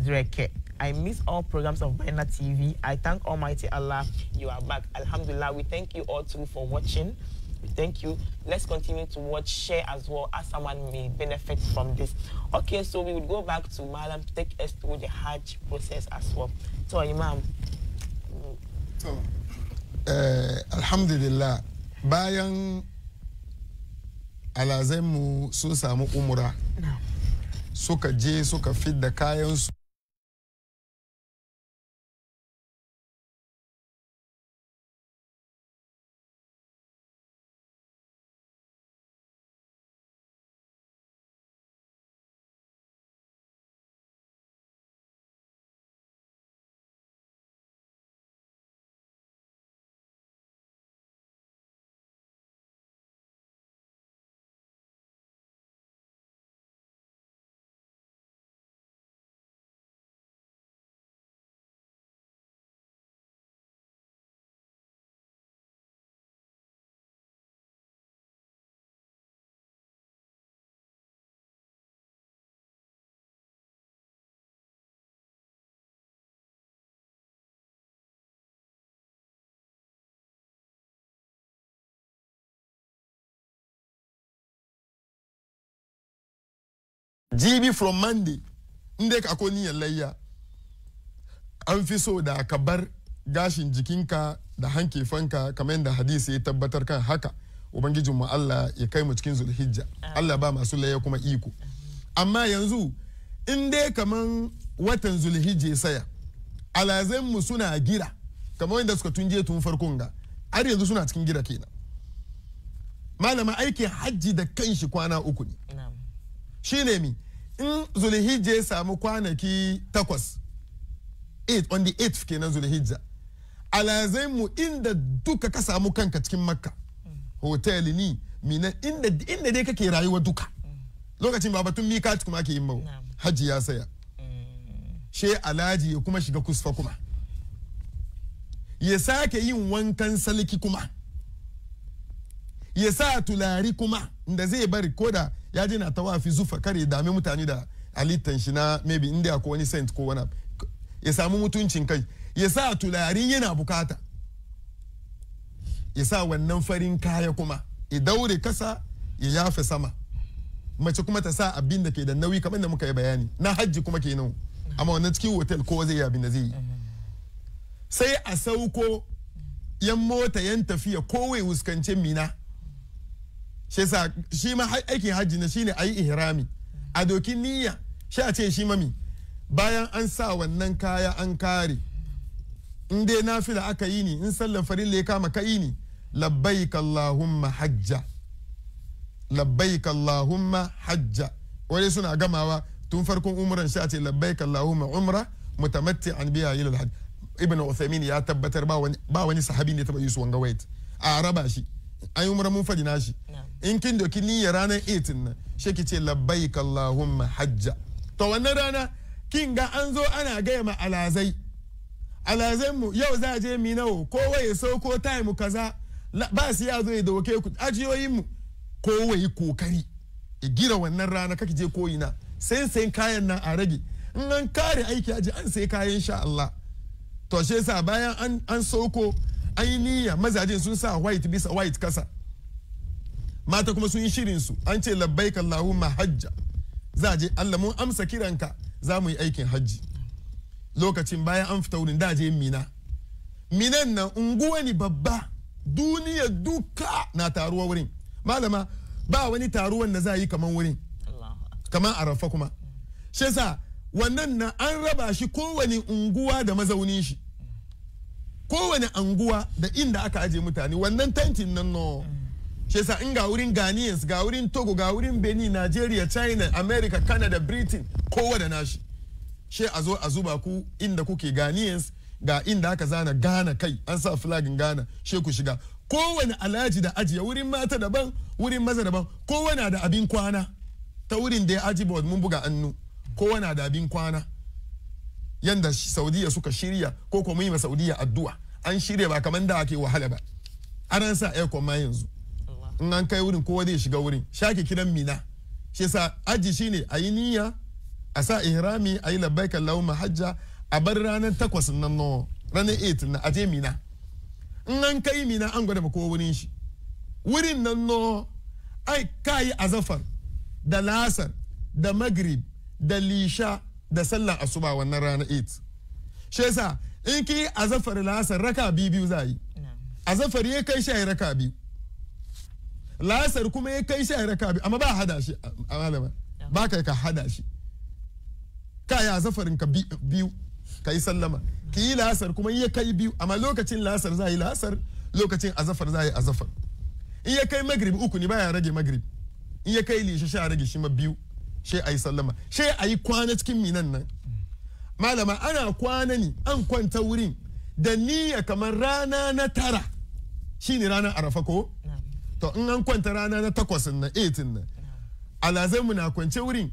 Dreke. I miss all programs of Bena TV. I thank Almighty Allah you are back. Alhamdulillah, we thank you all too for watching. We thank you. Let's continue to watch, share as well as someone may benefit from this. Okay, so we would go back to Malam to take us through the Hajj process as well. So, Imam. So, uh, Alhamdulillah, bayan alazemu sun samu umura suka je suka the kayansu gb from monday nde ka ni niyan layya an fi so da ka bar gashin jikinka da hanki kamar yadda hadisi ya tabbatar kan haka mu Allah ya kai mu cikin zulhijja Allah ba masu layya kuma iko amma yanzu in dai kaman watan zulhijja saya alazanmu suna gira kamar yadda suka tunje tun farkon ga har yanzu suna cikin gira kenan malama aikin hajji da kanshi kwana uku ne shine ne mi in zulhijja ya samu kwanaki takwas on the 8th kenan zulhijja alazai mu inda duka ka samu kanka cikin makka hotel ni mina inda inda dai kake rayuwa duka lokacin ba batun mika kuma ake yin mawa hajji ya saya she alaji ya kuma shiga kusfa kuma ya sake yin wankan salki kuma ya sa tulari kuma inda zai bari koda ya je na tawafi zufa kare dame mutane da halittan shi na maybe inda ko wani saint ko wani ya samu mutuncin kai ya sa tularin yana bukata ya sa wannan farin kaya kuma ya daure kasa ya yafe sama mace kuma ta sa abin da ke da nauyi kamar da muka yi bayani na hajji kuma ke nan amma wannan cikin hotel ko zai yi abin da zai yi sai a sauko yan mota yan tafiya kowai fuskanci mina shesa shi ma aikin hajji na shine ayi ihrami a dokin niyya shi a ce shi mami bayan an sa wannan kaya an kare in dai nafila aka yi ni in sallan farilla ya kama ka yi ni labbaik allahumma hajja labbaik allahumma hajja wani suna gamawa tun farkon umran shi a ce labbaik allahumma umra mutamatti an biya ila hajj ibn uthaymin ya tabbatar ba wani sahabi ne taba yi wanga wait a raba shi an yi umra mun faɗi nashi in kin doki ya ranar 18 nan shi ki ce labbaik allahumma hajja to wannan rana kin ga an zo ana gaya ma alazai alazai mu yau za a je mi nawo kowa ya sauko time kaza ba su ya zo ya ku ajiyoyin mu kowa kokari ya gira wannan rana kake je koyina sai sai kayan nan a rage in an kare aiki aji an sai kayan sha Allah to shi yasa bayan an sauko ainiya mazajen sun sa white bisa white kasa mata kuma sun yi shirin su an ce labbai Allahumma hajja za je Allah mun amsa kiranka za mu yi aikin hajji lokacin bayan an fita wurin daje mina minan nan unguwa ne babba duniya duka na taruwa wurin malama ba wani taruwan da za yi kaman wurin kaman arafa kuma shi sa wannan na an raba shi kowane unguwa da mazaunin shi kowane anguwa da inda aka ajiye mutane wannan tentin nan no shi yasa in ga wurin Ghanaians ga wurin Togo ga wurin Benin Nigeria China America Canada Britain kowa da nashi she a zo a zuba ku inda kuke Ghanaians ga inda aka zana Ghana kai an sa flagin Ghana she ku shiga kowane alhaji da ajiye wurin mata daban wurin maza daban kowane da abin kwana ta wurin da ya aji board mun buga annu kowane da abin kwana yanda saudiya suka shirya ko kuma yi ma saudiya addu'a an shirya ba kamar da ake wahala ba an sa aircon ma yanzu in an kai wurin kowa zai shiga wurin shake kiran mina shi yasa aji shine a yi niyya a sa ihrami a yi labbaika lahumma hajja a bar ranar takwas nan no ranar eight na aje mina in an kai mina an gwada kowa wurin shi wurin nan no ai kayi azafar da lasar da magrib da lisha da sallar asuba wannan rana 8 shi yasa in ki azafar lasar raka biyu za yi azafar ya kai shayi raka biyu lasar kuma ya kai shayi raka biyu amma ba hada shi a malama ba kai ka hada shi ka yi azafarin ka biyu ka yi sallama ki yi lasar kuma ya kai biyu amma lokacin lasar za yi lasar lokacin azafar za yi azafar in ya kai magrib uku ne ya rage magrib in ya kai lishe sha rage shi ma biyu she ayi sallama a yi kwana cikin minan nan malama ana kwana ne an kwanta wurin da niyya kamar rana na tara shine ranar arafa ko to in an kwanta rana na takwas na 18 na alazai mu na kwance wurin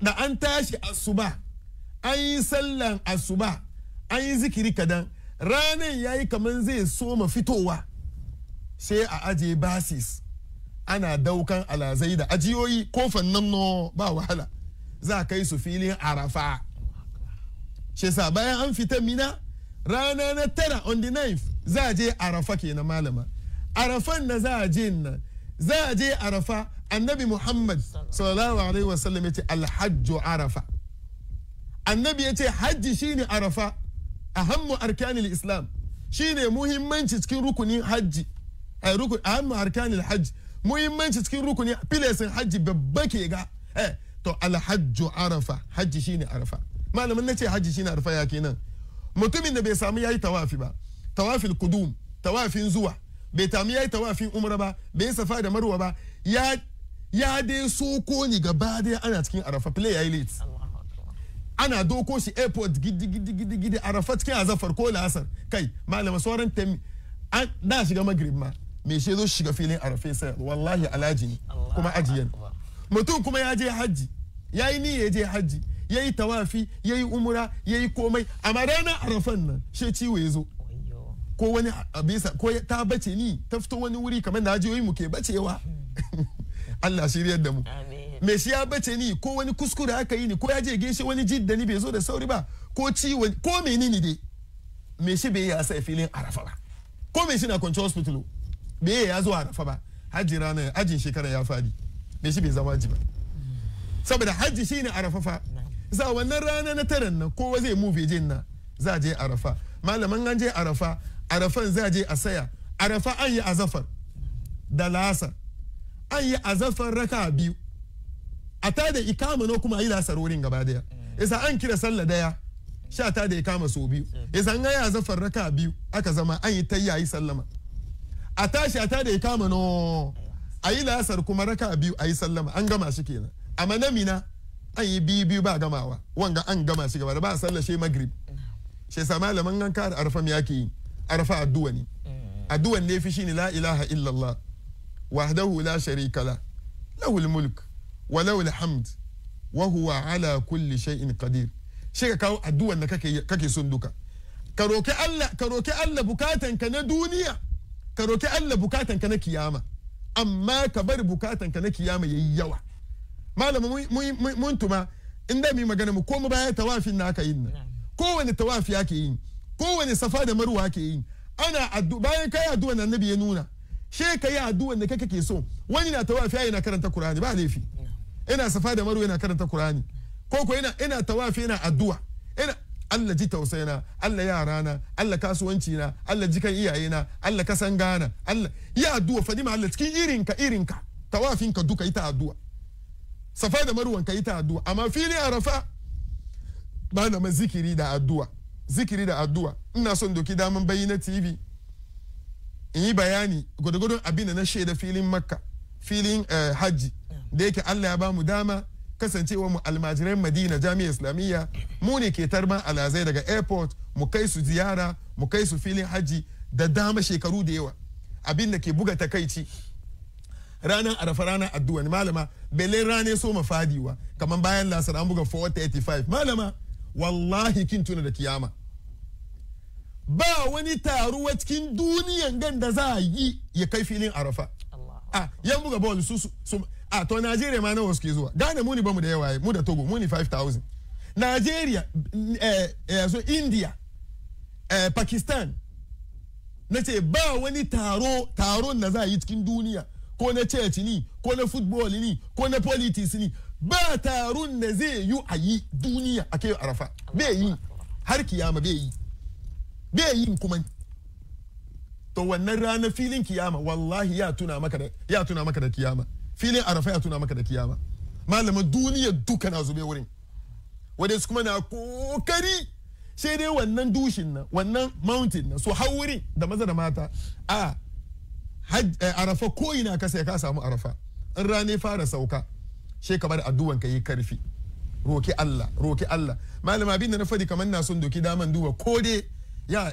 da an tashi asuba an yi sallan asuba an yi zikiri kadan ranar ya yi kamar zai soma fitowa sai a ajiye basis ana daukan alazai da ajiyoyi kofan nan no ba wahala za kai su filin arafa shi sa bayan an fita mina rana na tara on the ninth za a je arafa na malama arafan na za a je nan za a je arafa annabi muhammad sallallahu alaihi wasallam ya ce alhajju arafa annabi ya ce hajji shine arafa ahammu arkanil islam shine muhimmanci cikin rukunin hajji a rukun ahammu arkanil hajji muhimmanci cikin rukuni filesin hajji babba ke ga eh to alhajju arafa hajji shine arafa malamin nace hajji shine arafa ya kenan mutumin da bai samu yayi tawafi ba tawafil kudum tawafin zuwa bai tamu yayi tawafin umra ba bai yi safa da marwa ba ya ya dai soko ni gaba dai ana cikin arafa play yayi late ana doko shi airport gidi gidi gidi arafa cikin azafar ko lasar kai malama sauran Tem an da shiga magrib ma me shi zo shiga filin arafe sai wallahi alhaji ne kuma ajiyan mutum kuma ya je hajji Yayi yi ya je hajji Yayi yi tawafi ya yi umura ya yi komai amma ranar arafan nan shi ciwo ya zo ko wani abisa ko ta bace ni ta fito wani wuri kamar da mu ke bacewa hmm. Allah shiryar da mu me shi ya bace ni ko wani kuskure aka yi ni ko ya je gaishe wani jidda ni bai zo da sauri ba ko ciwo ko menene dai me shi bai yi filin arafa ba ko me shi na kwanci hospital bai ya zo arafa ba hajji ranar hajjin shekara ya fadi bai shi bai zama ji ba saboda hajji shine arafa fa za wannan rana na taran nan kowa zai mu je na za je arafa malaman an je arafa arafan za je a saya arafa an yi azafar da lasa an yi azafar raka biyu a ta da ikama na kuma a yi wurin gaba daya isa an kira sallah daya sha ta da ikama so biyu isa an yi azafar raka biyu aka zama an yi tayya yi sallama a tashi a tada ya kama no a yi lasar kuma raka biyu a yi sallama an gama shi kenan A na mina an yi biyu biyu ba gamawa wanga an gama shi gaba da ba sallar shi magrib shi sa malaman an kare arfa ya ke yi arfa addu'a ne addu'a ne fi shi ne la ilaha illallah wahdahu la sharika la lahul mulk wa lahul hamd wa huwa ala kulli shay'in qadir shi ka kawo addu'an da kake son duka ka roki Allah ka roki Allah bukatanka na duniya ka roki Allah ka na kiyama amma ka bari ka na kiyama yayi yawa malama mun tuma inda mi magana mu ko mu baya tawafin na ka yin nan wani tawafi yake yin ko wani safa da marwa yake yin ana addu bayan kai addu'a nan nabi ya nuna she kai addu'a da kake so wani na tawafi yana karanta Qur'ani ba laifi ina safa da marwa yana karanta Qur'ani ko ko ina ina tawafi ina addu'a ina Allah ji tausaina Allah yarana Allah kasuwanci na Allah jikan iyayena Allah kasan gana Allah ya addu'a fadi ma Allah cikin irinka irinka tawafinka duka ita addu'a safa da marwan ka ita addu'a amma fili arafa ba na zikiri da addu'a zikiri da addu'a ina son doki daman bayi na tv in yi bayani gudugudun abin da na shaida filin makka filin eh, hajji da yake Allah ya bamu dama Kasancewa mu almajiran madina jami'a islamiyya mu ne ke tarban alazai daga airport mu kai su ziyara mu kai su filin hajji da dama shekaru da yawa abinda ke buga takaici ranar arafa ranar addu'a malama belen rane so fadiwa kamar bayan lasar an buga 435 malama wallahi kin tuna da kiyama ba wani taruwa cikin duniyan gan da za a yi ya kai filin arafa a ah, yan buga ball su a to Nigeria ma na wasu ke zuwa Ghana mu ba bamu da yawa mu da Togo mu ni 5000 Nigeria eh, eh, so India eh, Pakistan na ce ba wani taro taron na za a yi cikin duniya ko na church ni ko na football ni ko na politics ni ba taron na zai yi a yi duniya a kai arafa bai yi har kiyama bai yi bai yi kuma to wannan ranar filin kiyama wallahi ya tuna maka da kiyama filin arafa ya tuna maka da kiyama malamin duniya duka na zube wurin wadda su kuma na kokari sai dai wannan dushin na wannan mountain na su hau wurin da maza da mata a eh, arafa ko ina kasa ya ka samu arafa in rane fara sauka shi ka bar addu'an ka yi karfi roki Allah roki Allah malama abin da na fadi kamar na son doki daman duba ko dai ya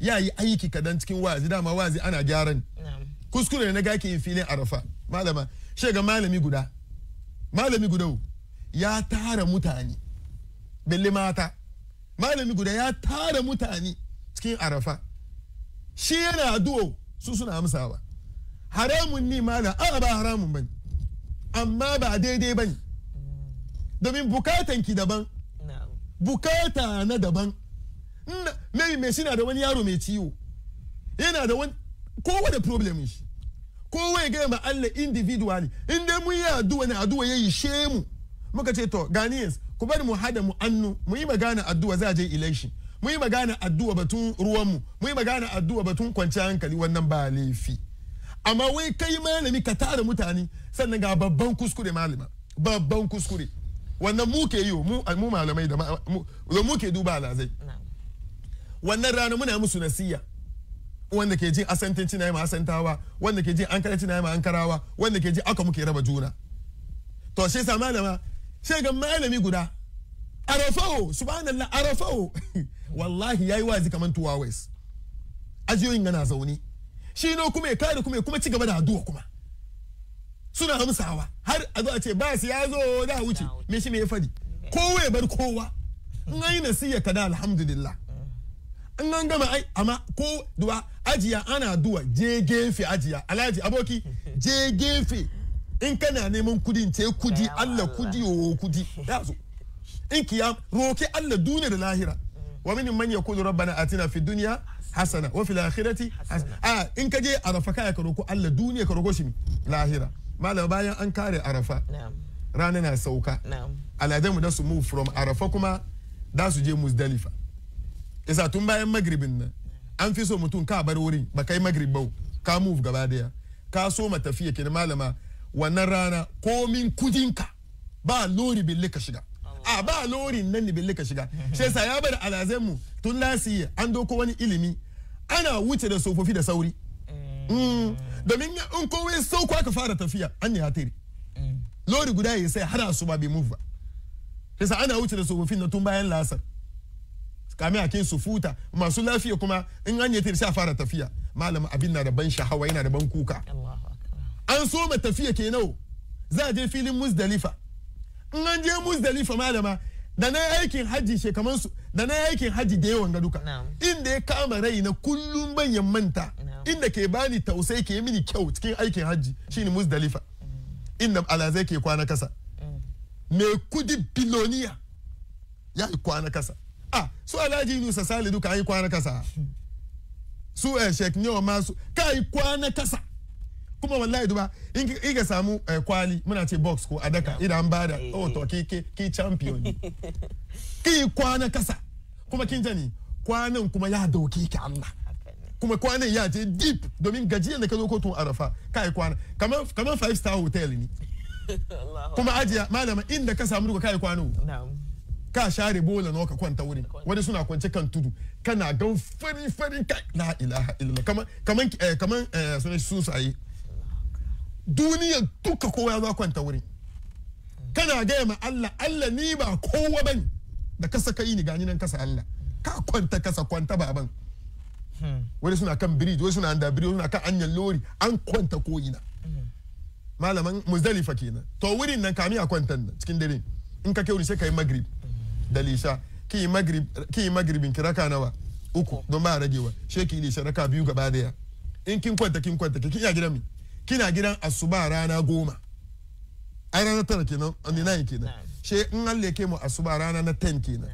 yi aiki kadan cikin wazi dama wazi ana gyaran kuskure na gaki in filin arafa malama shega malami guda malami guda ya tara mutane belle mata malami guda ya tara mutane cikin arafa shi yana addu'o su suna amsawa haramun ni mala a ba haramun bane amma ba daidai bane domin bukatan ki daban bukata na daban mai mai suna da wani yaro mai ciwo yana da wani kowa da problem shi kowa ya gaya ma Allah individually inda mu mun yi addu'a ne addu'a ya yi she mu muka ce to Ghanaians ku bari mu hada mu annu mu yi magana addu'a za a je election mu yi magana addu'a batun ruwan mu mu yi magana addu'a batun kwanci hankali wannan ba laifi amma wai kai malami ka tara mutane sannan ga babban kuskure malama babban kuskure wannan mu ke yi mu malamai da mu ke duba alazai wannan rana muna musu nasiya wanda ke jin asantanci na yi ma asantawa wanda ke jin ankaranci na yi ankarawa wanda ke jin aka muke raba juna to shi sa malama sai ga malami guda arafawo subhanallah arafawo wallahi yayi wazi kaman tuwa ajiyoyin yana zaune shi no kuma ya kare kuma ya kuma ci gaba da addu'a kuma suna hamsawa har a zo a ce ba su ya zo da wuce me shi me ya fadi kowa ya bar kowa in ayi nasiya kada alhamdulillah nganga ma gama ai ko duwa ajiya ana duwa je gefe ajiya alhaji aboki je gefe in kana neman kudi ce kudi Allah kudi o kudi ya zo in kiya roke Allah duniya da lahira wa min man yakulu rabbana atina fi dunya hasana wa fil akhirati a ah, in ka je arafa kai ka roko Allah duniya ka roko shi lahira malama bayan an kare arafa rana na sauka aladamu da su move from arafa kuma da su je muzdalifa isa tun bayan magribin nan an fi so mutum ka bar wurin ba kai magrib ba ka move gaba daya ka so ma tafiya kenan malama wannan rana komin kudinka ba lori bille ka shiga a ba lori nan bille ka shiga shi yasa ya bar alazan mu tun lasiye an doko wani ilimi ana wuce da sofofi da sauri mm. Mm. domin in kowai sauko aka fara tafiya an ne hatiri mm. lori guda ya sai har asuba ba bai move ba shi ana wuce da sofofin na tun bayan lasar kame a kin su futa masu lafiya kuma in an yi sai a fara tafiya malam abin na da ban shahawa yana da ban kuka an so ma tafiya ke nau za a je filin musdalifa in an je musdalifa malama da na aikin hajji shekaman su da na aikin hajji da yawan ga duka inda ya kama rai na kullum ban manta inda ke bani tausai ke mini kyau cikin aikin hajji shine musdalifa inda alazai ke kwana kasa mai mm. kudi biloniya ya yi kwana kasa ah su alhaji yunusa sali duka an yi kwana kasa su eh, shek ne ma su ka yi kwana kasa kuma wallahi duba in ka samu eh, kwali muna ce box ko adaka idan an bada eh. oh to ki ki, ki champion ne ki kwana kasa kuma kin jani kwanan kuma ya dauke ki Allah kuma kwanan ya je deep domin gajiyar da ka zo kotun arafa ka yi kwana kamar kamar five star hotel ne kuma ajiya malama inda ka samu duka ka yi kwano ka share bola na ka kwanta wurin wani suna kwance kan tudu kana gan fari fari ka la ilaha illa kaman kaman eh, kaman eh, sunan susaye duniya duka kowa ya zo kwanta wurin kana gaya ma Allah Allah ni ba kowa ban da kasa kai ni gani nan kasa Allah ka kwanta kasa kwanta baban wani suna kan bridge wani suna anda bridge suna kan anyan lori an kwanta ko ina malaman muzdalifa kenan to wurin nan kami a kwantan cikin dare in ka kai wuri sai kai maghrib da lisha ki yi magrib ki magribin ki raka nawa uku don ba ragewa she ki lisha raka biyu gaba daya in kin kwanta kin kwanta ki iya gidan mi kina gidan asuba rana goma ai rana tara kenan on the kenan she in Allah ke mu asuba rana na 10 kenan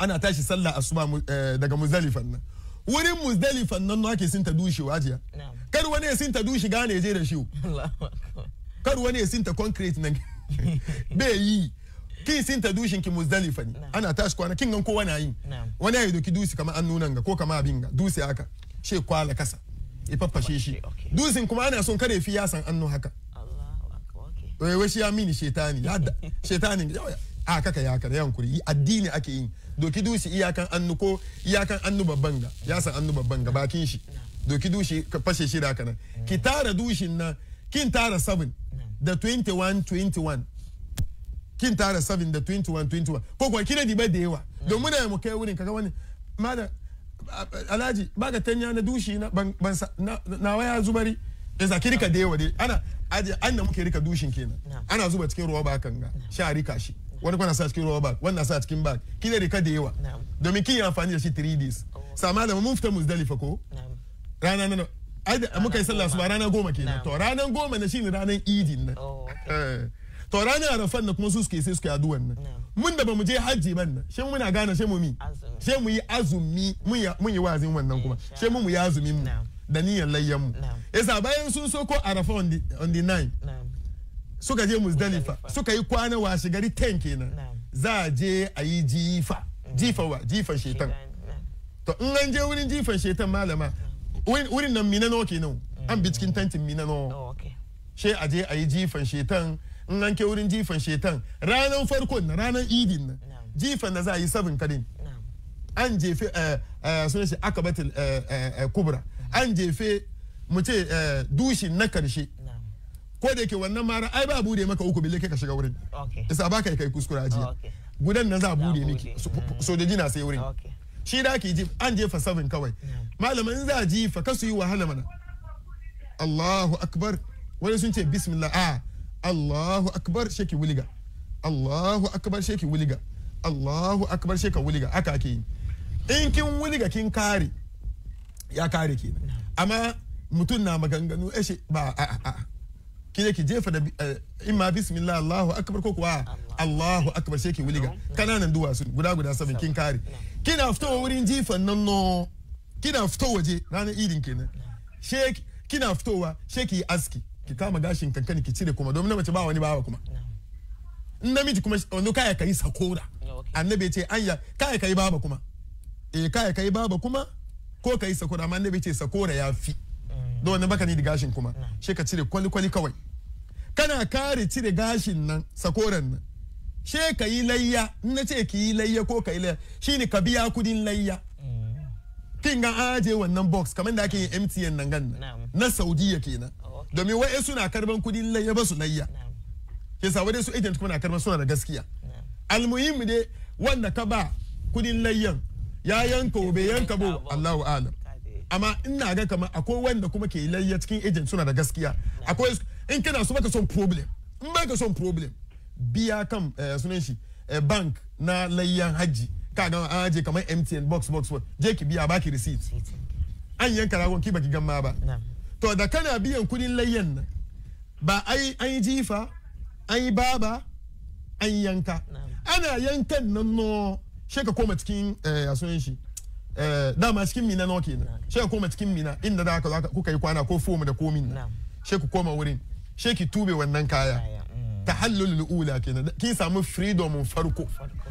ana tashi sallah asuba eh, daga muzdalifan nan wurin muzdalifan nan ake sun ta dushi wajiya kar wani ya sun ta dushi gane je da shi kar wani ya sun ta concrete nan bai yi kin sinta dushin ki muzdalifa ne ana tashi kwana kin gan kowa na yi wani ya doki dusi kamar an nuna ga ko kamar abin ga dusi haka she kwala kasa ya faffashe shi dusin kuma ana son kare fi yasan annu haka wai eh, wai shi ya mini shetani ya shetani a kaka ya kare kuri addini ake yi doki dusi iyakan annu ko iyakan annu babban ga yasan annu babban ga bakin shi doki dushi ka fashe shi da haka nan ki tara dushin nan kin tara 7 da 21 21 kin tara 7 da 21 21 ko kine di ba da yawa don muna mu kai wurin kaga wani mada alhaji baka tanya na dushi na ban na waya zubari da zakiri ka da yawa dai ana aje an da muke rika dushin kenan ana zuba cikin ruwa ba kan ga sha rika shi wani kwana sa cikin ruwa ba wannan sa cikin bag kine rika da yawa domin kin yi amfani da shi 3 days oh. sama da mun fita muzdalifa ko rana na muka yi sallah su ba rana goma kenan to ranan goma na shine ranan idin nan oh, eh. to ranar arafan na kuma su suke sai suke aduwan nan mun da bamu je hajji ban nan shi muna gane shi mu mi shi mu yi azumi mun yi wazin wannan kuma shi mu mu yi azumin mu da niyyar layyan mu yasa bayan sun so ko arafa on the nine suka je musdalifa suka yi kwana washe gari 10 kenan za a je a yi jifa jifa wa jifa shetan to in an je wurin jifan shetan malama wurin nan mina nawa kenan an bi cikin mm. tantin mina nawa oh, she a je a yi jifan shetan in an ke wurin jifan shetan ranar farkon na ranar idin na jifan da za a yi sabin kadin an jefe eh, eh, suna shi akabatul eh, kubra an jefe mu ce dushin na karshe ko da yake wannan mara ai ba bude maka uku bile ka shiga wurin isa ba ka kai kuskura ajiya oh, gudan nan za a bude miki hmm. sojoji na sai wurin shi da ake ji an jefa sabin kawai in za a jifa kasu yi wahala mana Allahu akbar wani sun ce bismillah a ah, allahu akbar sheki wuliga allahu akbar sheki wuliga allahu akbar sheka wuliga aka ake yi in kin wuliga kin kare ya kare kenan amma mutum na maganganu ashe ba a a kile ki jefa da imma bismillah allahu akbar ko kuwa allahu akbar sheki wuliga kananan duwatsu guda guda saban kin kare kina fitowa wurin jifan nan no kina fito waje ranar idin kenan sheki kina fitowa sheki aski ki kama gashin kankani ki cire kuma domin mace ba wani bawa kuma in namiji kuma wani kaya kayi sakora annabi ya ce anya kaya kayi baba kuma eh kaya kayi baba kuma ko kayi sakora amma annabi ya ce sakora ya fi mm. don wannan baka ni da gashin kuma shi ka cire kwali kwali kawai kana kare cire gashin nan sakoran nan she ka yi layya in na ce ki yi layya ko ka yi layya shine ka biya kudin layya mm. kin ga aje wannan box kamar da ake yin MTN nan gan na Saudiya kenan domin su suna karban kudi layya ba su layya ke sa wadai su agent kuma na karban suna da gaskiya almuhimmi dai wanda ka ba kudi layyan ya yanka bai yanka bo Allahu alam amma ina ga kamar akwai wanda kuma ke layya cikin agent suna da gaskiya akwai in kana so baka son problem in baka son problem biya kan eh, sunan shi eh, bank na layyan hajji ka ga an aje kamar MTN box box je ki biya baki receipt an yanka ragon ki baki gamma ba to da kana biyan kudin layyan nan ba ai an yi jifa an yi baba an yanka ana yankan nan no she ka koma cikin eh, a sunan shi eh, dama cikin mina no kenan she ka koma cikin mina inda da ka kuka yi kwana ko fomu da komin nan she ku koma wurin she ki tube wannan kaya tahallul ula kenan kin samu freedom farko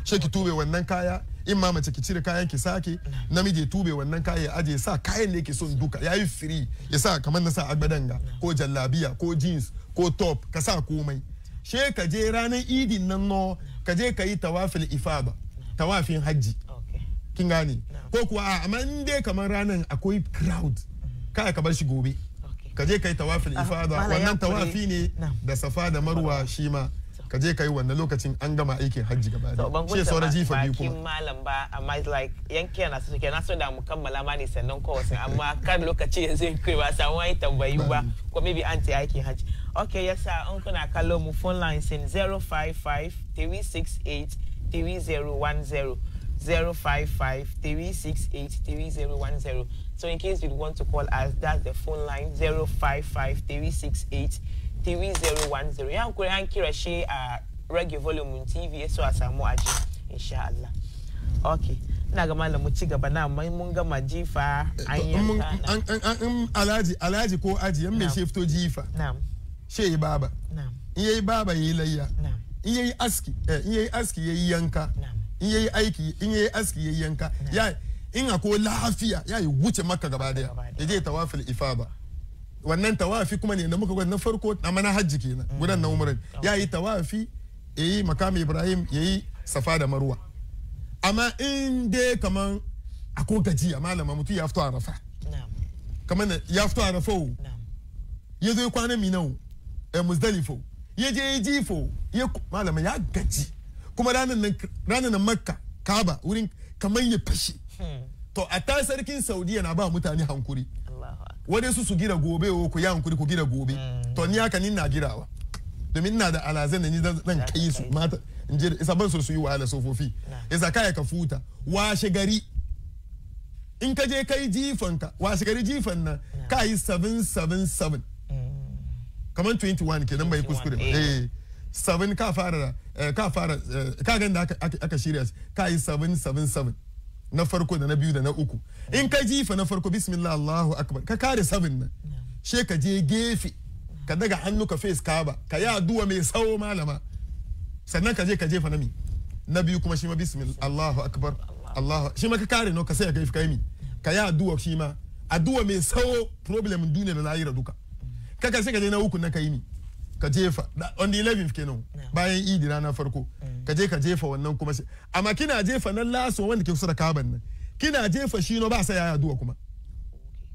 shi ki tube wannan kaya in ma mace ki cire kayan ki sake namiji tube wannan kaya ya aje sa kayan ne ki son duka yayi free ya sa kamar na sa agbadanga ko jallabiya ko jeans ko top ka sa komai she ka je ranar idin nan no ka je ka yi tawafil ifada tawafin hajji kin gane ko kuwa amma in dai kamar ranar akwai crowd kaya ka bar shi gobe ka je kai tawafin ah, ifada wannan tawafi ne da safa da marwa shi ma ka je kai wannan lokacin an gama aikin hajji gaba da ce sauran jifa biyu kuma malam ba amma like yanke na su kenan so da mu kammala ma ne sannan ko wasu amma kan lokaci ya zai kai ba samu ai tambayi ba ko maybe an ta aikin hajji okay yes sir an kuna kallo mu phone lines in 055 368 3010 055 368 3010 So in case you want to call us, that's the phone line 055 368 3010. Yeah, I'm Kirashi uh reggae volume TV so as I'm watching, inshallah. Okay. ina ga malamu ci gaba na mai mun gama jifa eh, an yanka na mm, alhaji alhaji ko aji yan mai shefto jifa na'am she yi baba na'am in yayi baba yayi layya na'am in yayi aski eh, in yayi aski yayi yanka in yayi aiki in aski yayi yanka Yeah. in akwai lafiya ya yi wuce maka gaba daya ya je tawafil ifaba wannan tawafi kuma ne da muka gwada na farko na mana hajji kenan mm. gudan na umarin ya yi tawafi ya yi makam ibrahim ya yi safa da marwa amma in dai kaman gaji gajiya malama mutum ya fito a rafa kaman ya fito a rafa ya zo kwana minau eh, muzdalifo ya je ya jifo ya malama ya gaji kuma ranar nan makka kaba wurin kamar ya fashe to a ta sarkin saudiya na ba mutane hankuri wani su su gira gobe o ku yi hankuri ku gira gobe mm. to ni haka ni na girawa domin ina da alazan da ni zan kai su mata in je isa ban su su yi wahala sofofi isa kaya ka futa washe gari in ka je kai jifan ka washe gari jifan nan ka yi 777 kamar 21 kenan bai kuskure eh. sabin ka fara eh, ka fara eh, ka ganda aka shirya ka yi 777 na farko da na biyu da na uku in ka jifa na farko bismillah Allahu akbar ka kare sabin nan she ka je gefe ka daga hannu ka face kaba ka yi addu'a mai sawo malama sannan ka je ka jefa na mi na biyu kuma shi ma bismillah Allahu akbar Allahu shi ma ka kare no ka sai ka kai mi ka yi addu'a shi ma addu'a mai sawo problem duniya da lahira duka kaka sai ka je na uku na ka yi mi ka jefa on the 11th kenan bayan idi ranar farko mm. ka je ka jefa wannan kuma shi amma kina jefa nan laso wanda ke kusa da kaban nan kina jefa shi no ba sai ya duwa kuma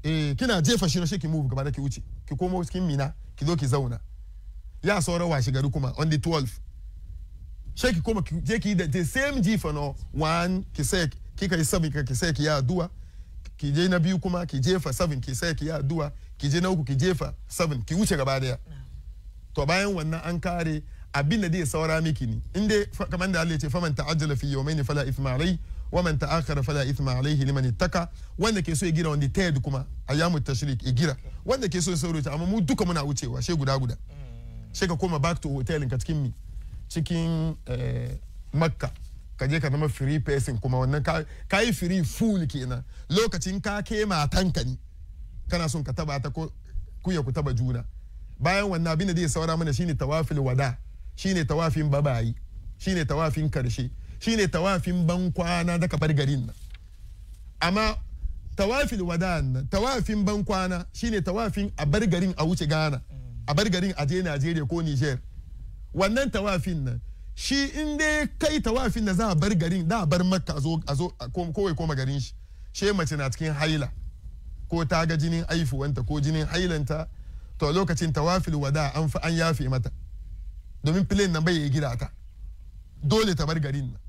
eh kina jefa shi no shi ki move gaba da ki wuce ki komo cikin mina ki zo ki zauna ya saura washi gari kuma on the 12th shi ki koma ki je ki the same jefa no one ki sai ki kai sabin ka ki sai ki ya duwa ki je na biyu kuma ki jefa seven ki sai ki ya duwa ki je na uku ki jefa seven ki wuce gaba daya to bayan wannan an kare abin da zai saura miki ne in dai kamar da Allah ya ce man ta'ajjala fi yawmayn fala ithma alayhi wa man ta'akhkhara fala ithma alayhi liman ittaka wanda ke so ya gira wanda ta kuma ayyamu tashrik ya gira wanda ke so ya saurota amma mu duka muna wucewa she guda guda she ka koma back to hotel ka cikin mi cikin eh, makka ka je ka zama free person kuma wannan ka yi free full kenan lokacin ka ke matanka ne kana son ka taba ta ko kuya ku taba juna bayan wannan abin da zai saura mana shine tawafin wada shine tawafin babayi shine tawafin karshe shine tawafin ban kwana bar garin nan amma tawafin wada nan tawafin ban kwana shine tawafin a bar garin a wuce Ghana a bar garin a je Najeriya ko Niger wannan tawafin nan shi in dai kai tawafin da za a bar garin da a bar makka a zo kowai koma garin shi she mace na cikin haila ko ta ga jinin aifuwanta ko jinin hailanta to lokacin tawafil wada an fi an yafe mata domin filin nan bai gida ta dole ta bar garin nan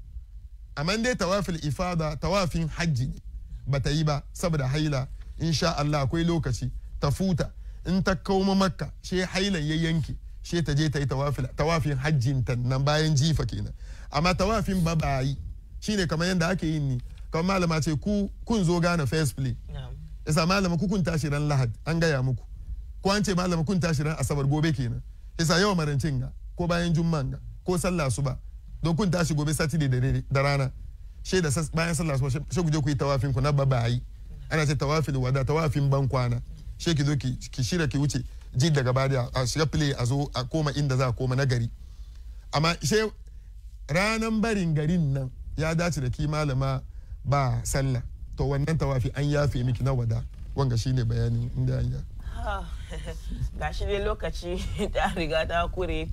amma dai tawafil ifada tawafin hajji ne ba ta yi ba saboda haila insha Allah akwai lokaci ta futa in ta kauma makka she hailan ya yanke she ta je ta yi tawafin hajjin ta nan bayan jifa kenan amma tawafin ba ba yi shine kamar yadda ake yin ni kamar malama ce ku kun zo gane first play yasa malama ku kun tashi ran lahad an gaya muku ko an ce malama kun tashi ran asabar gobe kenan yasa yawa marancin ga ko bayan juma'an ga ko sallah suba don kun tashi gobe sati da rana she da bayan sallah suba she ku je ku yi tawafin ku na babayi ana ce tawafin wada tawafin ban kwana she ki zo ki shira ki wuce ji daga bada a shiga play a zo a koma inda za a koma na gari amma she ranan barin garin nan ya dace da ki malama ba sallah to wannan tawafi an yafe miki na wada wanga shine bayanin inda an yafe gashi dai lokaci ta riga ta kure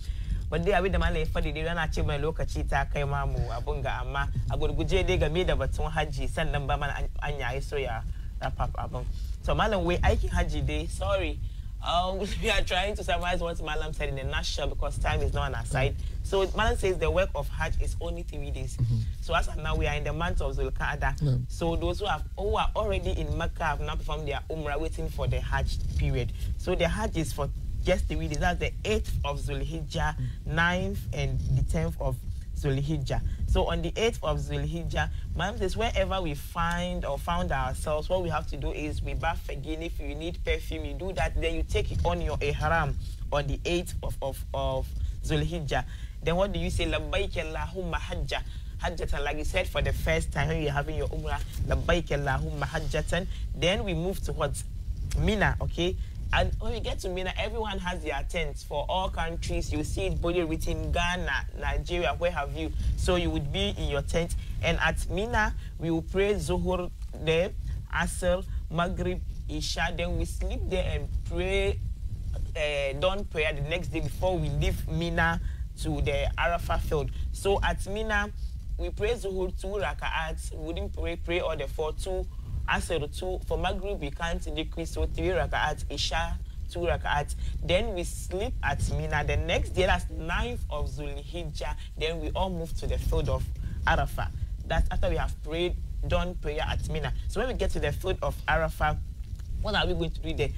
dai abin da malam ya faɗi dai yana ce mai lokaci ta kai mamu abun ga amma a gurguje dai game da batun hajji sannan ba mana an yayi soya abun to malam wai aikin hajji dai sorry Um, we are uh, trying to summarize what Malam said in a nutshell because time is not on our side. So Malam says the work of Hajj is only three days. Mm -hmm. So as of now, we are in the month of Zulqa'dah. So those who have who are already in Mecca have now performed their Umrah waiting for the Hajj period. So the Hajj is for just three days. That's the 8th of Zulhijjah, 9th mm. and the 10th of Zulhijjah. So on the 8th of Zulhijjah, Ma'am says, wherever we find or found ourselves, what we have to do is we bath again. If you need perfume, you do that. Then you take it on your ihram on the 8th of, of, of Zulhijjah. Then what do you say? Labbaik Allahumma hajjah. Hajjatan, like you said for the first time when you're having your umrah, Labbaik Allahumma hajjatan. Then we move towards Mina, okay? And when we get to Mina, everyone has their tents for all countries. You see it boldly written Ghana, Nigeria, where have you? So you would be in your tent. And at Mina, we will pray Zuhur there, Asr, Maghrib, Isha. Then we sleep there and pray uh, dawn prayer the next day before we leave Mina to the Arafah field. So at Mina, we pray Zuhur two raka'ats. We wouldn't pray, pray all the four, two Asr 2. For Maghrib, we can't decrease, so 3 rak'at, Isha, 2 rak'at. Then we sleep at Mina. The next day, that's ninth of Zulhijjah. Then we all move to the field of Arafah. That's after we have prayed, done prayer at Mina. So when we get to the field of Arafah, what are we going to do there?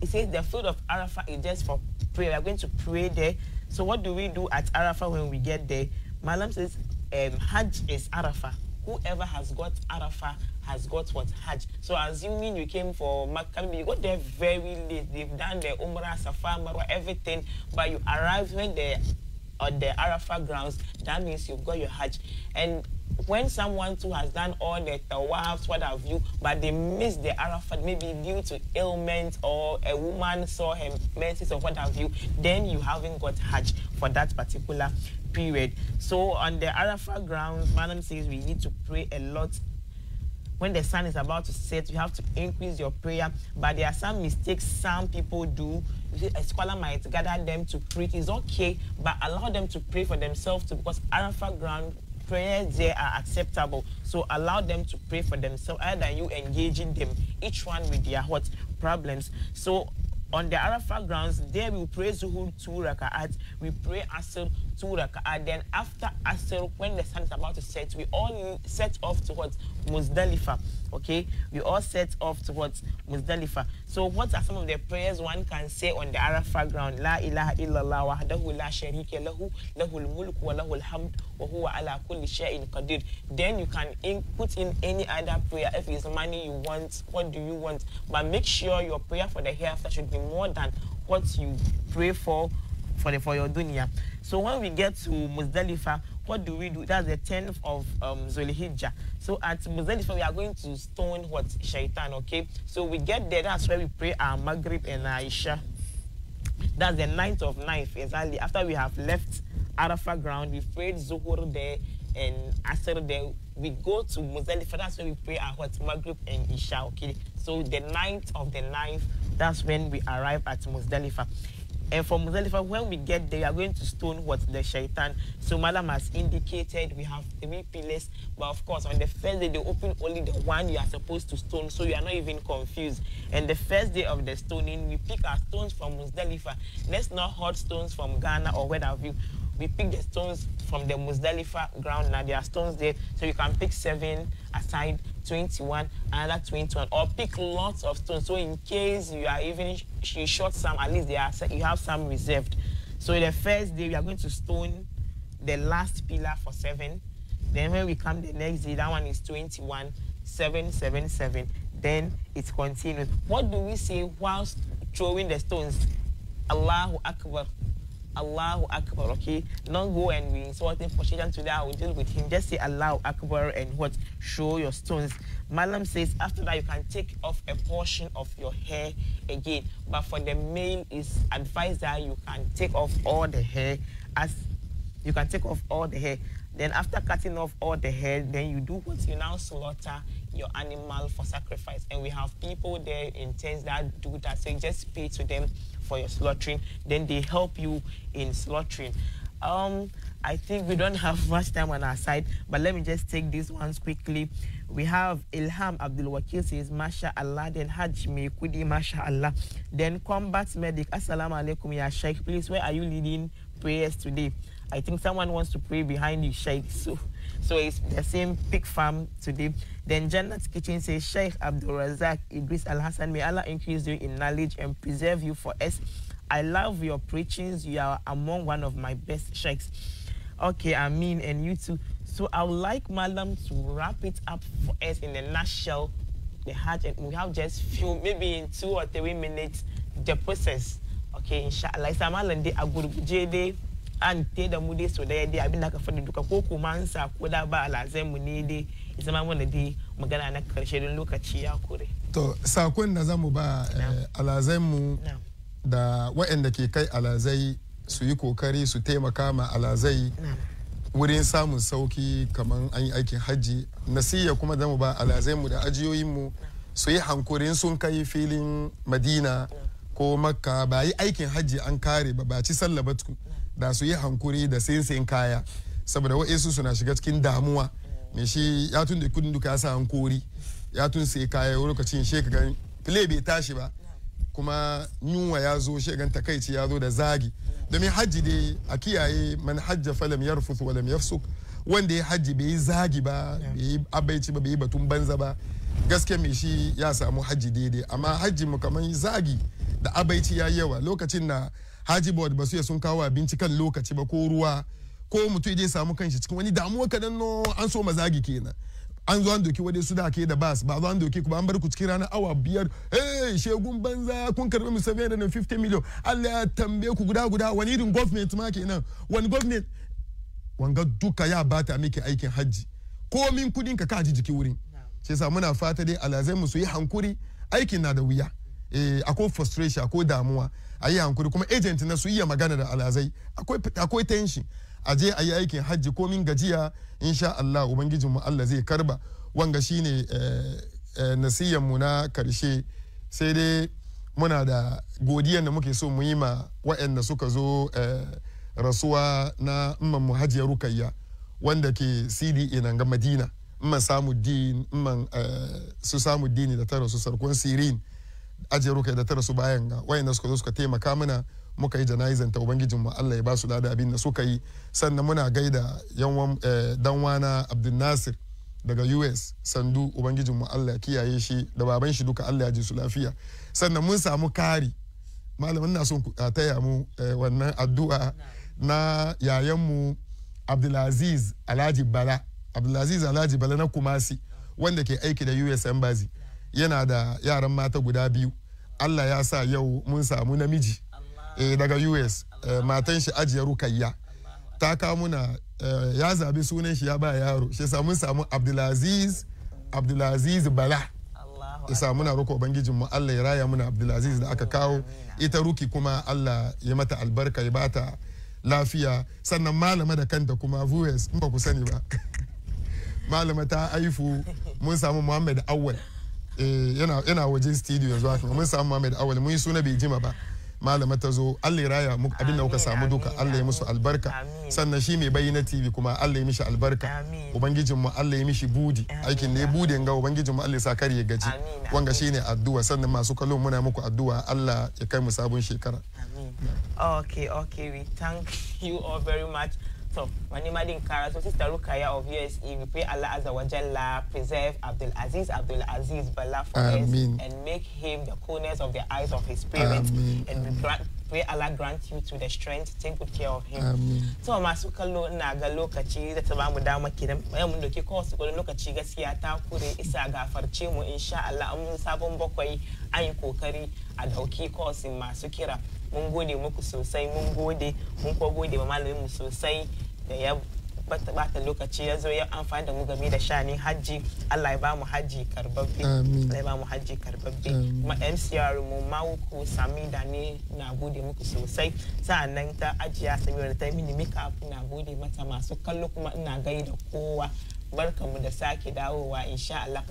It says the field of Arafah is just for prayer. We are going to pray there. So what do we do at Arafah when we get there? Malam says um, Hajj is Arafah. whoever has got Arafah has got what Hajj. So assuming you came for Makkah, you got there very late. They've done the Umrah, Safa, Marwa, everything, but you arrived when they on the Arafah grounds. That means you've got your Hajj. And when someone too has done all the tawaf, what have you, but they missed the Arafat, maybe due to ailment or a woman saw her menses or what have you, then you haven't got Hajj for that particular period. So on the Arafat grounds, Madam says we need to pray a lot when the sun is about to set, you have to increase your prayer. But there are some mistakes some people do. A scholar might gather them to pray. It's okay, but allow them to pray for themselves too, because Arafat ground prayers there are acceptable. So allow them to pray for themselves other than you engaging them, each one with their heart problems. So on the Arafat grounds, there we pray Zuhur two raka'at, we pray Asr two rak'ah. Then after Asr, when the sun is about to set, we all set off towards Muzdalifah. Okay, we all set off towards Muzdalifah. So what are some of the prayers one can say on the Arafah ground? La ilaha illallah wahdahu la sharika lahu lahu lahul mulk wa lahu lahul hamd wa huwa ala kulli shay'in qadir. Then you can in, put in any other prayer. If it's money you want, what do you want? But make sure your prayer for the hereafter should be more than what you pray for for, the, for your dunya. So when we get to Muzdalifah, what do we do? That's the 10th of um, Zulhijjah. So at Muzdalifah, we are going to stone what? Shaitan, okay? So we get there, that's where we pray our Maghrib and Aisha. Isha. That's the ninth of ninth, exactly. After we have left Arafah ground, we prayed Zuhur there and Asr there. We go to Muzdalifah, that's where we pray our what? Maghrib and Isha, okay? So the ninth of the ninth, that's when we arrive at Muzdalifah. And from Muzdalifah, when we get there, we are going to stone what the shaitan. So Madam has indicated we have three pillars, but of course, on the first day, they open only the one you are supposed to stone, so you are not even confused. And the first day of the stoning, we pick our stones from Muzdalifah. Let's not hot stones from Ghana or where have you. We pick the stones from the Muzdalifah ground. Now there are stones there, so you can pick seven aside 21, another 21, or pick lots of stones. So in case you are even you short some, at least they are you have some reserved. So the first day we are going to stone the last pillar for seven. Then when we come the next day, that one is 21, Seven, seven. Then it continues. What do we say whilst throwing the stones? Allahu Akbar. Allahu Akbar, okay? Don't go and be insulting for shaitan today. I will deal with him. Just say Allahu Akbar and what? Show your stones. Malam says after that you can take off a portion of your hair again. But for the male, it's advised that you can take off all the hair as you can take off all the hair. Then after cutting off all the hair, then you do what you now slaughter your animal for sacrifice. And we have people there in tents that do that. So you just pay to them for your slaughtering. Then they help you in slaughtering. Um, I think we don't have much time on our side, but let me just take these ones quickly. We have Ilham Abdul Wakil says, Masha Allah, then Hajj Kudi, Masha Allah. Then Combat Medic, Assalamu alaikum, Ya Sheikh. Please, where are you leading prayers today? I think someone wants to pray behind you, Sheikh. So so it's the same pig farm today. Then Jannat Kitchen says, Sheikh Abdul Razak Idris Al Hassan, may Allah increase you in knowledge and preserve you for us. I love your preachings. You are among one of my best sheikhs. Okay, I mean, and you too. So I would like Madam to wrap it up for us in a nutshell, the Hajj, and we have just few, maybe in two or three minutes, the process. Okay, inshallah. It's a an te da mu dai so daya dai abin da aka faɗi duka ko kuma an sa ko da ba alazai mu ne dai zama mana dai magana na karshe don lokaci ya kure. to sakon da zamu ba eh, alazai mu da waɗanda ke kai alazai su yi kokari su taimaka ma alazai wurin samun sauki kamar an yi aikin hajji nasiya kuma zamu ba alazai mu da ajiyoyin mu su yi hankurin sun kai filin madina ko makka ba yi aikin hajji an kare ba ba ci sallah ba da su yi hankuri da sinsin kaya saboda wa'insu suna shiga cikin damuwa me shi ya tun da kudin duka ya sa hankuri ya tun sai kaya lokacin sheka gan bai tashi ba kuma yunwa ya zo gan takaici ya zo da zagi domin hajji dai a kiyaye man hajja falam yarfuth walam yafsuk wanda ya hajji bai yi zagi ba bai yi abaici ba bai yi batun banza ba gaske mai shi ya samu hajji daidai amma hajji mu kamar zagi da abaici ya yawa lokacin na haji board ba su ya sun kawo abinci kan lokaci ba ko ruwa ko mutum ya samu kanshi cikin wani damuwa kadan no an so mazagi kenan an zo an doki wani su da ke da bas ba zo an doki ku ba an bar ku cikin ranar awa biyar eh shegun banza kun karbi mu 750 million Allah ya tambaye ku guda guda wani irin government ma kenan wani government wanga duka ya bata miki aikin hajji komin kudin ka ka ji jiki wurin sai sa muna fata dai alazai mu su yi hankuri aikin na da wuya eh akwai frustration akwai damuwa a yi hankuri kuma agent na su iya magana da alazai akwai tenshi a je a yi aikin hajji komin gajiya insha Allah ubangijin mu Allah zai karba wanga shine eh, eh, nasiyan mu na karshe sai dai muna da godiyar da muke so mu yi ma wa'anda suka zo eh, rasuwa na imman mu hajiya rukayya wanda ke cd nan ga madina imman samu imman su samu dini da tara su sarkon sirin ajiyar kai da tara su bayan ga wayanda suka zo suka taimaka mana muka yi jana'izan ta ubangijin mu Allah ya ba su lada abin da suka yi sannan muna gaida yanwan eh, danwana Abdul Nasir daga US sandu ubangijin mu Allah ya kiyaye shi da baban shi duka Allah ya ji su lafiya sannan mun samu kari malamin na son taya mu eh, wannan addu'a na yayan mu Abdulaziz Alhaji Bala Abdulaziz Alhaji Bala na Kumasi wanda ke aiki da US Embassy yana da yaran mata guda biyu allah ya sa yau mun samu namiji eh, daga us eh, matan shi ajiye rukayya ta kamuna eh, ya zabi sunan shi ya ba yaro shi sa mun samu abdulaziz abdulaziz bala isa muna roƙo ubangijinmu allah ya raya muna abdulaziz da aka kawo ita ruki kuma allah ya mata albarka ya bata lafiya sannan malama da kanta kuma vus in ba ku sani ba malama ta aifu mun samu muhammad awwal Eh, yana wajen studio yanzu haka mun samu Muhammad awali mun yi suna bai jima ba malama ta zo Allah ya raya mu abin da kuka samu duka Allah ya musu albarka sannan shi mai bayyana TV kuma Allah ya mishi albarka ubangijin mu Allah ya mishi budi aikin da ya ga ubangijin mu Allah ya sa kar ya gaji wanga shine addu'a sannan masu kallon muna muku addu'a Allah ya kai mu sabon shekara okay okay we thank you all very much laptop wani madin kara so sister rukaya of usa we pray allah azza wa jalla preserve abdul aziz abdul aziz bala for us and make him the coolness of the eyes of his parents Amin. and we grant pray Allah grant you to the strength to take good care of him. To masu kallo na ga lokaci da ta bamu dama kenan yau mun doki kowace gurin lokaci gaskiya ta kure isa gafarce mu insha Allah mun sabon bakwai an yi kokari a dauki kosin masu kira. Mun gode muku sosai mun gode mun ko gode ma malamin mu sosai. da ya bata lokaci ya zo ya amfani da mu game da shani hajji Allah ya bamu hajji karbabbe Allah ya bamu hajji karbabbe kuma MCR mu mawuku sami da ne na gode muku sosai nan ta ajiya samira ta mini mika na gode mata masu kallo kuma ina gaida kowa barkamu da sake dawowa insha Allah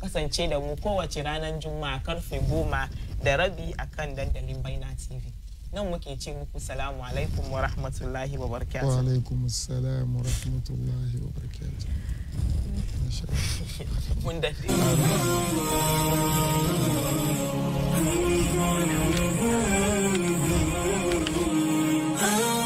kasance da mu kowace ranar juma'a karfe goma da rabi akan dandalin baina tv nan muke ce muku salamu alaikum wa rahmatullahi wa barakatuh wa alaikum assalam wa rahmatullahi wa barakatuh mun daɗe